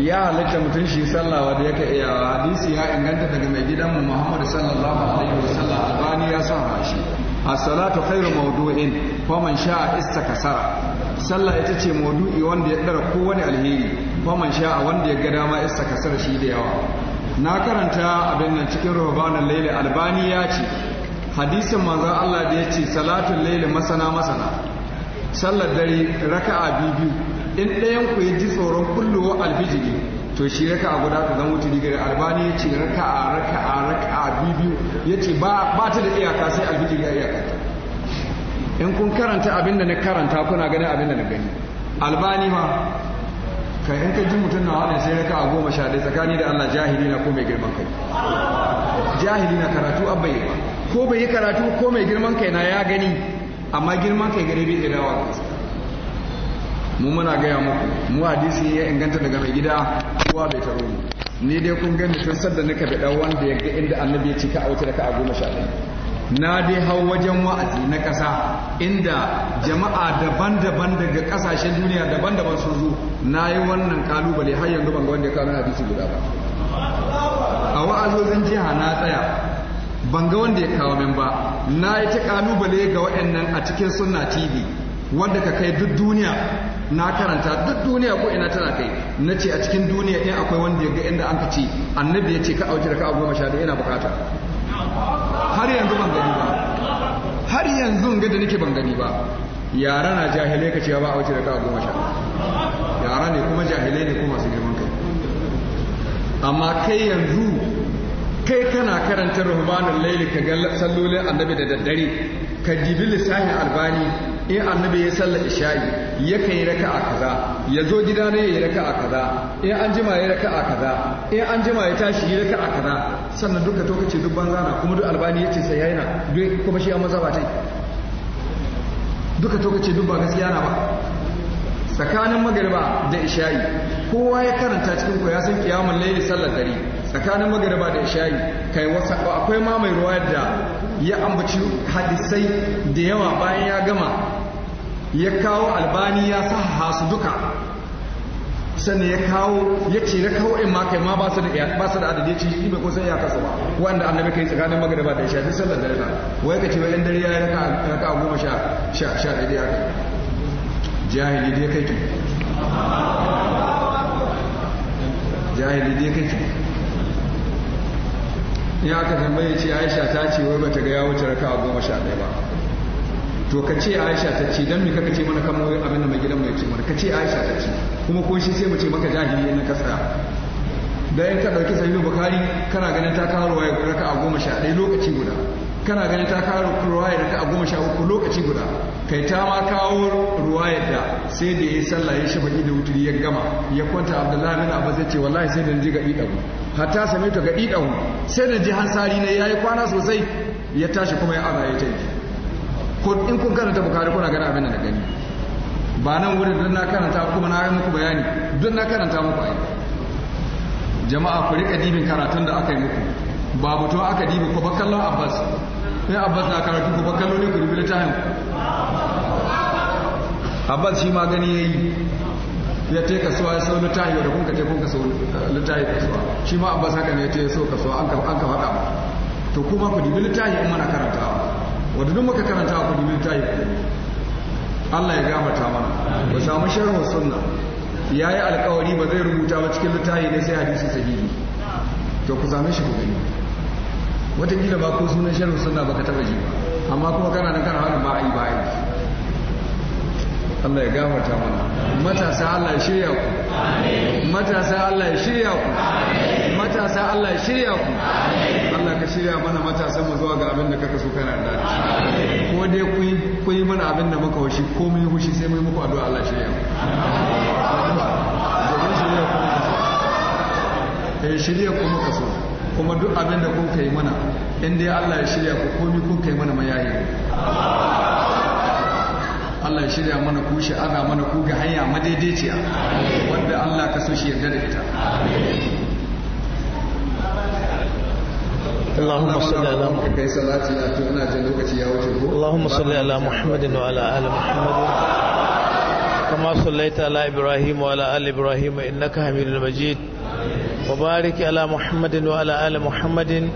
ya halatta mutum shi sallah ya yake iya hadisi ya inganta daga mai gidanmu muhammadu sallallahu alaihi wasallam albani ya sa shi as-salatu khairu mawdu'in wa man sha'a istakasara sallah ita ce maudu'i wanda ya dara kowane alheri wa man sha'a wanda ya ga dama istakasara shi da yawa na karanta abin nan cikin rubanan laila albani ya ce hadisin manzon Allah da ya ce salatun laili masana masana sallar dare raka'a biyu in ɗayan ku yi ji tsoron kullowa alfijiri to shi raka'a guda ta zama wuce daga albani ya ce raka'a raka'a raka'a biyu ya ce ba ta da iyaka sai alfijiri ya iyaka in kun karanta abin da na karanta kuna ganin abin da na gani albani ma ka in ka ji mutum na wani sai raka'a goma sha ɗaya tsakani da Allah jahili na ko mai girman kai jahili na karatu abbai ba ko bai yi karatu ko mai girman kai na ya gani amma girman kai gare bai dawa mu muna gaya muku mu hadisi ya inganta daga mai gida kowa bai taro mu ni dai kun gani tun sadda nika bi dan wanda ya ga inda annabi ya ci ka auta da ka goma sha na dai hau wajen wa'azi na ƙasa inda jama'a daban-daban daga ƙasashen duniya daban-daban sun zo na yi wannan kalubale har yanzu ban ga wanda ya kawo hadisi guda ba a wa'azozin jiha na tsaya ban ga wanda ya kawo min ba na yi ta kalubale ga waɗannan a cikin sunna tv wanda ka kai duk duniya na karanta duk duniya ko ina tana kai na ce a cikin duniya in akwai wanda ya ga inda an ka annabi ya ce ka auki da ka goma sha da yana bukata har yanzu ban gani ba har yanzu ga da nake ban gani ba yara na jahilai ka ce ba auki da ka goma sha yara ne kuma jahilai ne kuma su girman kai amma kai yanzu kai kana karanta ruhbanul laili ka ga sallolin annabi da daddare ka jibi lisanin albani in annabi ya salla isha'i ya kai yi raka'a kaza ya zo gida ne ya yi raka'a kaza in an jima ya raka'a kaza in an jima ya tashi ya raka'a kaza sannan duka to kace duk banza na kuma duk albani yace sai yayi na kuma shi an mazaba tai duka to kace duk ba gaskiya na ba tsakanin magariba da isha'i kowa ya karanta cikin ku ya san kiyamul layli sallar dare tsakanin magariba da isha'i kai wasa akwai ma mai ruwa da ya ambaci hadisai da yawa bayan ya gama ya kawo albani ya saha su duka sannan ya kawo ya ce na kawo in ma kai ma ba su da adadi ce shi bai kusa ya su ba wanda annabi kai tsakanin magariba da isha sallar da ba wai kace wai yan dare ya raka goma sha sha sha dai aka jahili kai ki jahili dai kai ki ya aka tambaye ce aisha ta ce wai bata ga ya wuce raka goma sha ɗaya ba to ka ce aisha ta ce don me kaka ce mana kamar abin da mai gidan mai ce mana ka ce aisha ta ce kuma ko shi sai mu ce maka jahili na kasa da in ka ɗauki sahihu bukari kana ganin ta kawo ruwa raka a goma sha ɗaya lokaci guda kana ganin ta kawo ruwayar ka a goma sha uku lokaci guda kai ta ma kawo ruwayar da sai da ya sallah ya shafa da wuturi ya gama ya kwanta abdullahi bin abbas zai ce wallahi sai da ji ga idahu hatta same ta ga idahu sai da ji hansari ne yayi kwana sosai ya tashi kuma ya ara ya tafi ko in kun karanta bukari kuna gani abin da na gani ba nan wurin don na karanta kuma na yi muku bayani don na karanta muku ayi jama'a ku rika dibin karatun da aka yi muku ba mutum aka dibi ku ba kallon abbas ne abbas na karatu ku kallo ne ku rubuta tahin abbas shi ma gani yayi ya te kasuwa ya sau litahi da kun ka te kun ka sau kasuwa shi ma abbas haka ne ya te sau kasuwa an ka an ka faɗa to kuma ku dubi litahi in mana karanta wanda duk muka karanta ku dubi litahi Allah ya gafarta mana ba samu sharhu sunna yayi alƙawari ba zai rubuta ba cikin litahi ne sai hadisi sahihi to ku zame shi ku gani watakila ba ko sunan sharhu sunna baka taba ji ba amma kuma kana nan kana hana ba a yi ba yi Allah ya gafarta mana matasa Allah ya shirya ku matasa Allah ya shirya ku matasa Allah ya shirya ku Allah ka shirya mana matasa mu zuwa ga abin da kaka so kana da ko dai ku yi mana abin da muka hushi ko yi hushi sai yi muku addu'a Allah shirya ku shirya ku muka so eh, kuma duk abin da kun kai mana in dai Allah ya shirya ku komi kun kai mana mayayi Allah ya shirya mana ku shi ana mana ku ga hanya madaidaiciya wanda Allah ka so shi yarda da ita اللهم صل على محمد اللهم صل على محمد وعلى ال محمد كما صليت على إبراهيم وعلى آل إبراهيم إنك حميد مجيد وبارك على محمد وعلى آل محمد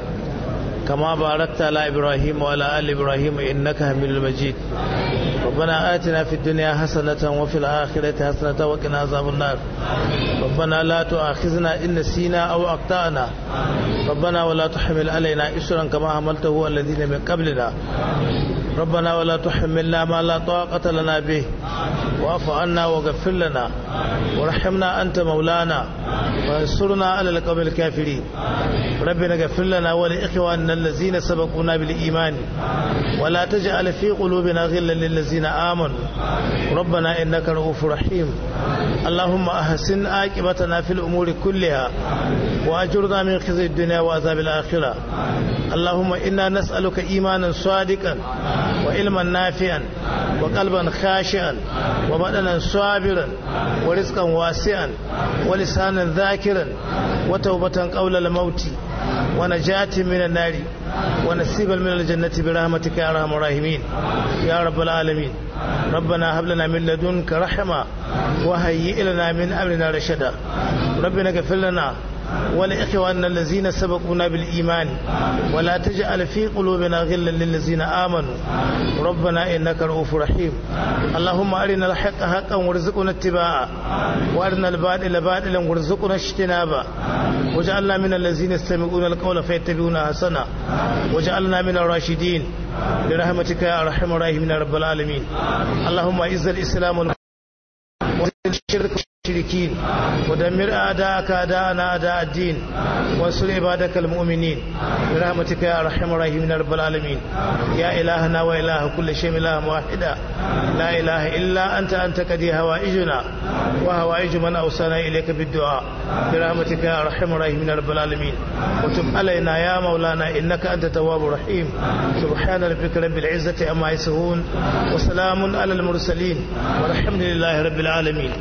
كما باركت على إبراهيم وعلى آل إبراهيم إنك حميد مجيد ربنا آتنا في الدنيا حسنة وفي الآخرة حسنة وقنا عذاب النار ربنا لا تؤاخذنا إن نسينا أو أخطأنا ربنا ولا تحمل علينا إسرا كما حملته الذين من قبلنا ربنا ولا تحملنا ما لا طاقة لنا به واعف عنا وغفر لنا وارحمنا أنت مولانا وانصرنا على القوم الكافرين ربنا اغفر لنا ولإخواننا الذين سبقونا بالإيمان ولا تجعل في قلوبنا غلا للذين آمنوا ربنا إنك رؤوف رحيم اللهم أحسن عاقبتنا في الأمور كلها وأجرنا من خزي الدنيا وعذاب الآخرة اللهم إنا نسألك إيمانا صادقا وعلما نافعا وقلبا خاشعا وبدنا صابرا ورزقا واسعا ولسانا ذاكرا وتوبة قول الموت ونجاة من النار ونسيبا من الجنة برحمتك يا أرحم الراحمين يا رب العالمين ربنا هب لنا من لدنك رحمة وهيئ لنا من أمرنا رشدا ربنا اغفر لنا ولإخواننا الذين سبقونا بالإيمان ولا تجعل في قلوبنا غلا للذين آمنوا ربنا إنك رؤوف رحيم اللهم أرنا الحق حقا وارزقنا اتباعه وأرنا الباطل باطلا وارزقنا اجتنابه واجعلنا من الذين يستمعون القول فيتبعون أحسنه واجعلنا من الراشدين برحمتك يا أرحم الراحمين رب العالمين اللهم أعز الإسلام والمسلمين الشرك المشركين ودمر أعداءك أعداءنا أعداء الدين وانصر عبادك المؤمنين برحمتك يا أرحم الراحمين رب العالمين يا إلهنا وإله كل شيء إله واحدا لا إله إلا أنت أنت كدي هوائجنا وهوائج من أوصانا إليك بالدعاء برحمتك يا أرحم الراحمين رب العالمين وتب علينا يا مولانا إنك أنت تواب رحيم سبحان ربك رب العزة أما يسهون وسلام على المرسلين والحمد لله رب العالمين